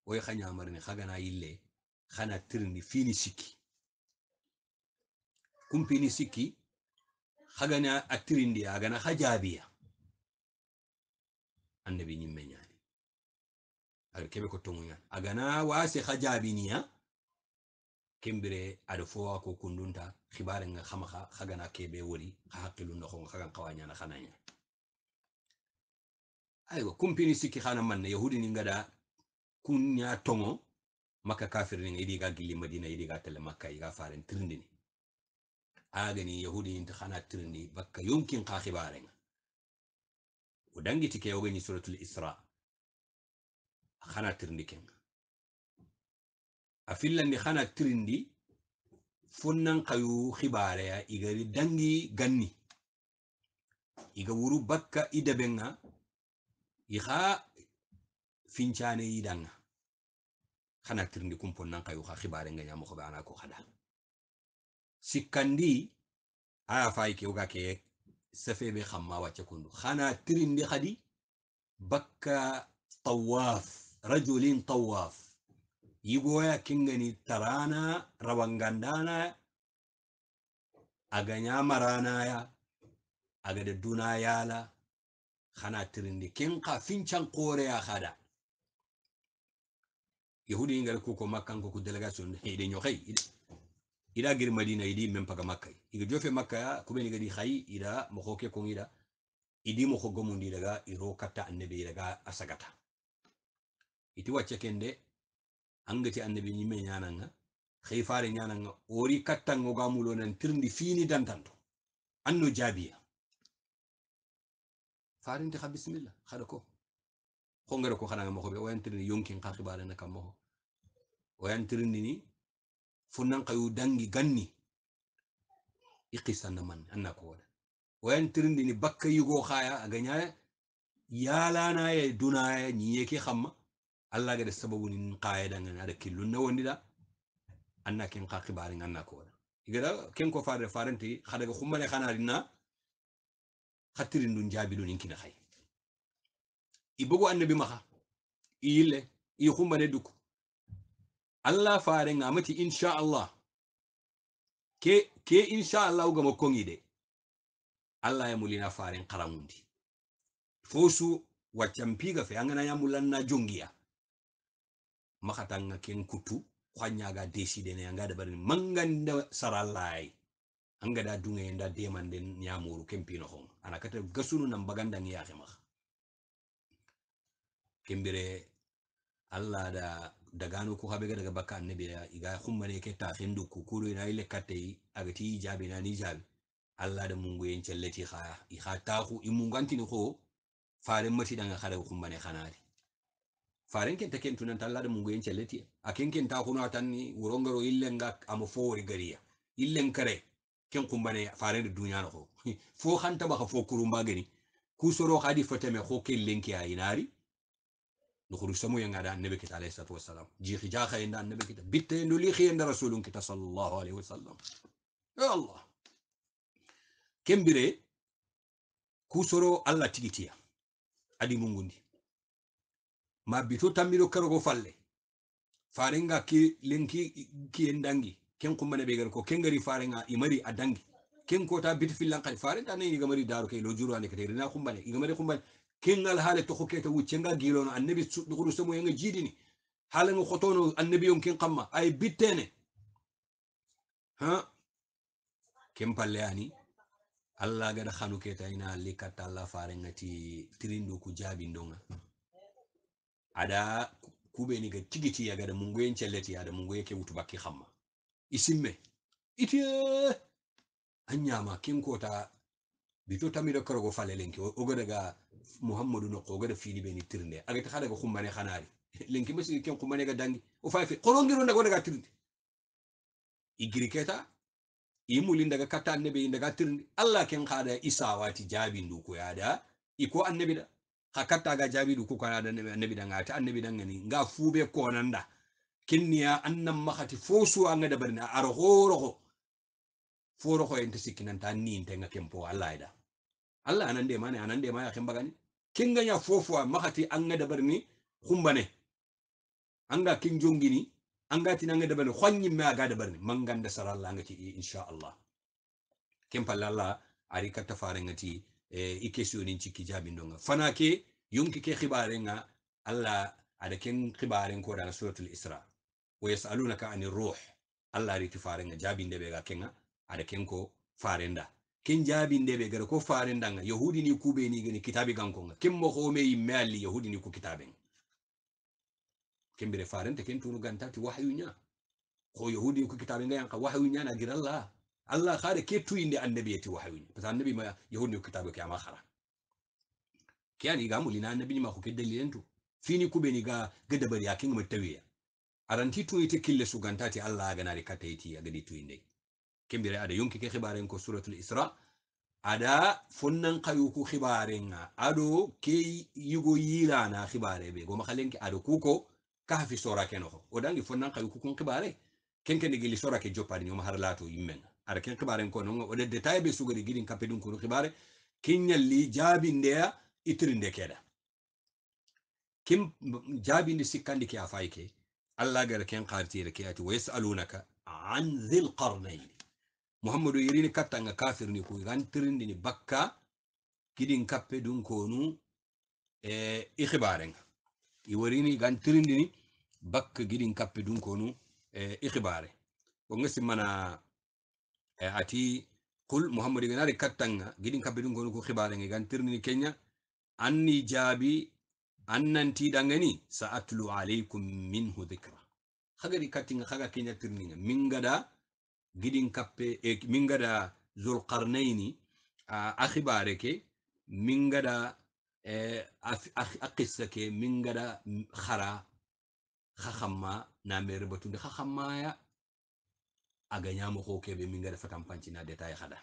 oy xa ñamarni xagana yille xana tirni fini sikki kumpini sikki hagana attirindi agana ha jaabiya annabi ñimme ñaani aɗa keɓe ko toŋoñan agana waase ha kimbire a aɗa fowa ko kundunta hibarenga hamaha hagana keɓe wori ha hakkilunda hon hagan kawañana hanaña aywa kumpini sikki hana manna yahudi ni gada kunya ya makka kafir ni idiga gilli madina idiga tele makka iga faren tirndini agani yahudi inta khana tirni bakka yumkin kha khibarenga udangiti ke yogani suratul isra khana tirni kenga ni khana tirindi funnan kayu ya igari dangi ganni iga wuru bakka idabenga ikha finchane idanga khana tirindi kumponnan kayu kha nga nyamo khobe anako khada sikandi aya fay ke uga ke be xamma wacce kundu xana tirindi khadi bakka tawaf rajulin tawaf yigoya kingani tarana rawangandana aganya aga de duna yala xana tirindi kenxa fincan qoreya xada yahudi ko kuko makkanko ku delegation hede ñoxey ida gir madina idi mem paga makkay iga jofe makkaya kubeni gadi khay ida moko ke kon ida idi moko gomundi daga iro katta annabi daga asagata iti wacce kende angati annabi nyime nyananga khay fare nyananga ori katta ngoga mulo nan tirndi fini dantanto anno jabiya farindi kha bismillah khada ko khongara ko khana moko be wayantirni yonkin kha khibare na kam moko wayantirni ni funan kayu dangi ganni iqisanda man anna ko wada wayan tirindi ni bakka yugo khaya aganya yalana ya dunaya ni yake khamma allah ga da sababu ni khaya dangan ada da killun na wandi da anna kin ka khibari anna ko wada igara ken ko faare faranti khada ga khumale khana rinna khatirindu dun jabilun in kina khay ibugo annabi maha iyile i khumane duku Allah nga farenga insha Allah. ke ke inchallah ugama de. allah ya mulina faren karaŋundi fosu waccanpiga fe angana ya mulanna jongiya makatanga ken kutu kwanyaga da anga dabarini manganda sarallayi anga da dunga da den nyamuru kempino hon ana kata gasunu nan baganda n'i yake maka kembire allah da gano ko habe daga baka annabi ya iga humma ne ke ta hindu kukuru ina ile katai agati jabe na ni jabe Allah da mungu yin challeti kha i ta ku i munganti ni ko farin mati daga khare humma ne khanari farin ken taken tunan Allah da mungu yen a aken ken ta khuno ni urongaro ille nga amu fori gariya illen kare ken ne farin da duniya ko fo khanta ba fo kurumba gani soro khadi fatame ko ken lenki ayinari نخرج سمويا على النبي كت عليه الصلاة والسلام جي خجا خينا النبي كت بيت إنه لي خينا رسول كت صلى الله عليه وسلم يا الله كم بري كسرو الله تيجتيا أدي مونغني ما بيتو تميرو كرو فالي farenga ki linki ki endangi ken kuma ne begar ko ken gari farenga imari adangi ken kota bit filan kan farenta ne igamari ne kete rina kumbane kingal hale to hoketa gilo no annabi suɗɗukuɗu somo yanga jiidini halango hotono annabi yon kin qamma ay bitene ha kem palle ani allah gada khanu keta ina alli katta fare farengati tirindo ku jaabindonga aɗa kuɓeni ga tigitiya gada yen celleti aɗa mungu ke wutu bakki khamma isimme itiye an ñama kota bito tamido karogo fale lenki gode ga muhammadu no ko gode fili beni tirnde agati khale ga khumane khanaari lenki mesi ken khumane ga dangi o fay fi xorongiro ndago daga tirnde i keta i muli ndaga katta nebe ndaga tirnde allah ken wati jabi sawati jaabi ndukuyada i ko annabi da xa katta ga jaabi du kukanada annabi da ngata annabi da ngani nga fuube konanda kenniya annan maxati fo suwanga dabarina aro xoroxo foroxo ente sikkinanta nintenga kempo allah da Allah anan anande mane anande ma ya kembagani kinga nya an mahati anga ni khumbane anga king jongini anga tinanga ma ga dabar aga dabarni manganda saralla anga ti eh, insha Allah kempalla alla ari katta farenga ti eh, e i question ni ciki jabindonga fana ke yonki ke khibarenga alla ada kin khibaren ko da suratul isra wa yasalunaka anir ruh allah ari ti ga jabi be ga kenga ada kin ko farenda Kin ken be gara ko farendaga yahudi ni kuɓe ni gani kitabe kin mo ho me alli yahudi ni ku Kin kitaben farin ta kin tunu ganta ti ña ko yahudi ku kitabin ga yanka wahyu na gira allah Allah khare ke inde annabi ti wahyu ña annabi ma yahudi ni ku kitabe kiyama khara Kiyan ke ani ga na annabi ma ku ke dalilen tu fini kuɓe ni ga gadabari ya kegama tawiya aranti ite kille ti allah ga di tu tuyindey kembire ada yonki ke khibaren ko suratul isra ada funnan kayu ku hibarenga ado ke yigo na hibare ɓe goma halenke ado kuko kahafi sorake noho o dangi funnan kayu ku kun hibare kenke ndigili sorake joppani yoma har laato yimmen aɗa ken khibaren ko non oɗa détail ɓe sugari gidin kapedun ko khibare hibare kinyalli jabi ndeya itirinde keda kim jaabindi sikandi ke a ke allah gara ken kartire ke ati wa yasalunaka an dhil qarnayn muhammadu irini kattanga kafirni ku gantirindini bakka kidin kappe dun konu e ikhibarenga iwarini ni bakka gidin kappe dun konu e ikhibare wonga mana e ati kul muhammadu ganari nga gidin kappe dun konu ku khibarenga gantirindini kenya anni jaabi annantiɗangani sa atlu alaykum minhu dicra hagadi kattinga haga kenya tirninga mingada gidin kappe e min gada zulqarnaini a xibare ke min gada e, a qissa ke min gada xara xa na mere batunde xa a gañamoxo keɓe min gada fatan na detail xada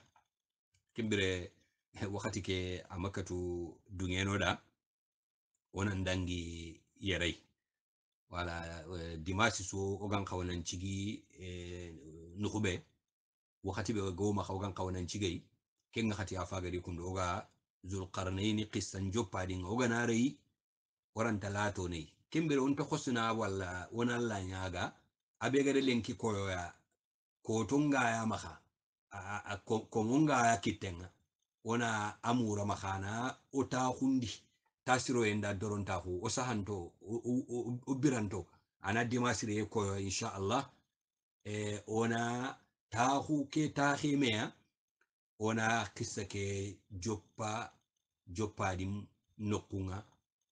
kimbire wakati ke a makkatu da wonan dangi yarai, wala e, dimasi so ogan xawanan cigi e, nuxuɓe waxatiɓe gowma xawgan xawanancigay ke khati a fagari kun oga zulqarnaini qissan joppaɗin ogana reyi waranta latonayi kembere on unta xosuna wala wana la ñaga abegade lenki koyoya koto ya maxa a komo ya kitenga wana amura maxana o taxundi tasiroyenda dorontaxu o sahanto o biranto ana dimasire koyo allah. e wona taahu ke taahi meya wona kissa ke joppa joppaɗi nokkunga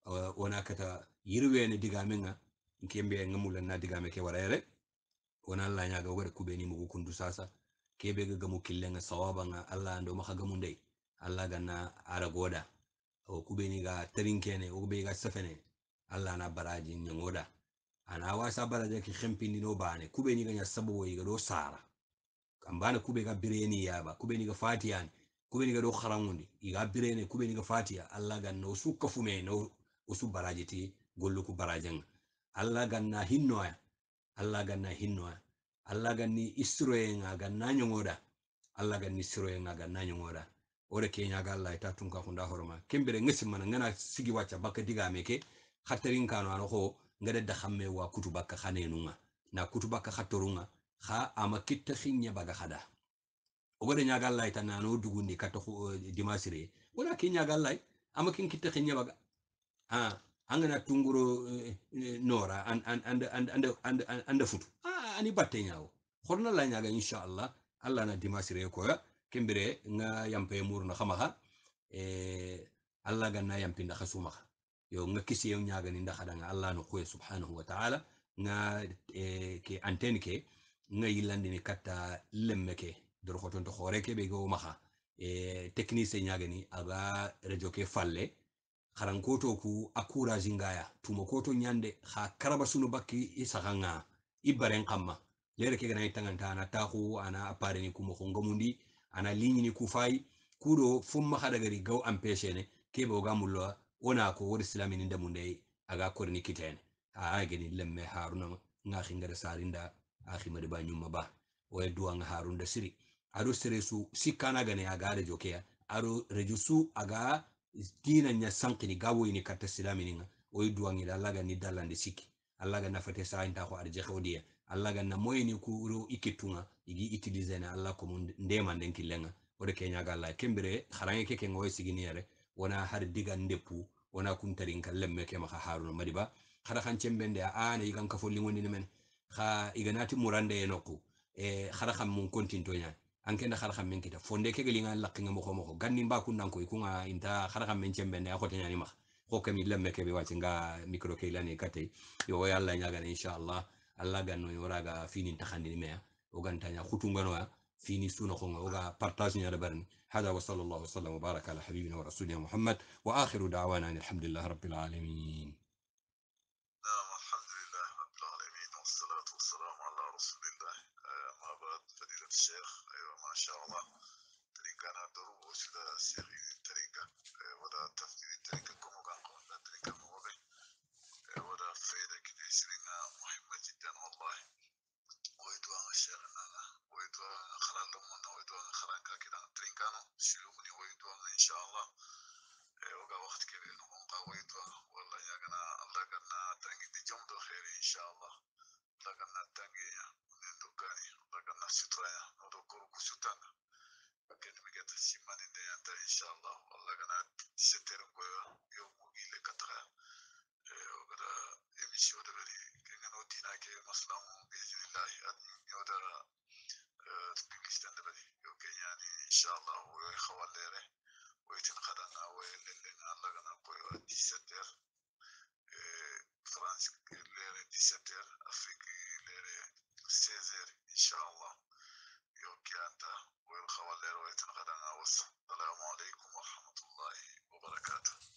e wona kata yirweene digamenga ke mbiya nga mulanna digame ke warayre wona allah ñaga waɗa kuɓeni mugu kundu sasa kebe ga gamu killenga sawabanga allah ando maha gamu ndey allah ganna ara goɗa o kuɓeni ga tarinkene o kuɓeni ga safene allah na baraji ñogoɗa ana wasa bara de ke hempini no bane kube ni ganya sabo yi do sara kambana kube ga bireni ya ba kube ni ga fatiya ne kube ni ga do kharangundi i bireni kube ni ga fatiya Allah ga no su kafume no usu barajiti gollu ku barajan alla ga na hinnoya alla ga na hinnoya alla ga ni isroyenga ga na nyongoda alla ga ni isroyenga ga na nyongoda ore kenya ga alla ita tunka kunda horma kembere ngesi mana ngana sigi wacha baka diga meke khatarin kanu anoho ngada da xamme wa kutubaka xanenunga na kutubaka nga xa ama kitta xinye baga xada ogode ñagal lay tan nano dugundi kato dimasire eh, wala ki ñagal lay ama kin kitta xinye baga ah angana tunguro eh, eh, nora and an and and and and and futu ah ani batte ñaawo xorna la ñaga inshallah allah na dimasire ko ya kembere nga yampe mur murna xamaxa e allah ganna yampinda xasuma xa yo kisi yow ñaga ni da nga allah eh, no khoy subhanahu wa ta'ala nga ke antenne ke nga yilandi ni katta lemme ke dor xoton to xore ke be go maha e eh, technicien ñaga ni aba radio ke falle kharan koto ku akura zingaya tumo koto ñande kha karaba sunu bakki nga ibaren kama lere ke gana tanganta ana tahu ana apare ni kumo ngamundi ana ligni ni kufai kudo fumma khadagari gaw ampeshe ne kebe ogamulwa ona ko wodi silami ni damu ndey aga kor ni kitene a ageni lemme haruna nga khingara sarinda a mari ba nyuma ba o e duwa nga harunda siri aro sire su sikana gane aga re jokea aro rejusu aga dina nya sanki sankini gawo ini katta silami ni o e duwa ngila laga ni dalande siki na fate sa inda ko arje khodiya allaga na moyni ku ro ikitunga igi itilize na alla ko mun ndema den killenga o de kenya gala kembere kharange ke ke ngoy sigini yare Wana har diga wana wana kuntarin kallan me kema ha haruna madiba ba hara kan cembende a ana igan ka folli woni men ha iganati murande e nokku e hara kan mun to nya an kenda hara kan min kita fonde ke gelinga lakke ngam ko ko ganni ba kun nan ko ikunga inta hara kan men cembende ko hotanya ni ma ko kami lemme ke bi wati nga micro ke lane kate yo yalla nyaga inshallah allah ganno yoraga fini takhandini me o gantanya khutungano ya فيني سونا خونغا بارتاج نيا هذا وصلى الله وسلم وبارك على حبيبنا ورسولنا محمد واخر دعوانا ان الحمد لله رب العالمين شاء الله لكن نتنجي ندوكاني لكن نسيتوها ندوكوكو ستانا لكن مجد سيمان ان شاء الله ولكن ستيرن كويا يوم مجيل كتر وغدا امشيو دغري كان نوتينا كي مسلم باذن الله يودر تبكستان دغري يوكي ان شاء الله ويخوال ويتنقدنا ويلنا لكن كويا تي ستير فرنسا les 17h Afrique les 16h إن شاء الله يوكي أنت ويلخوالير ويتنغدنا والسلام عليكم ورحمة الله وبركاته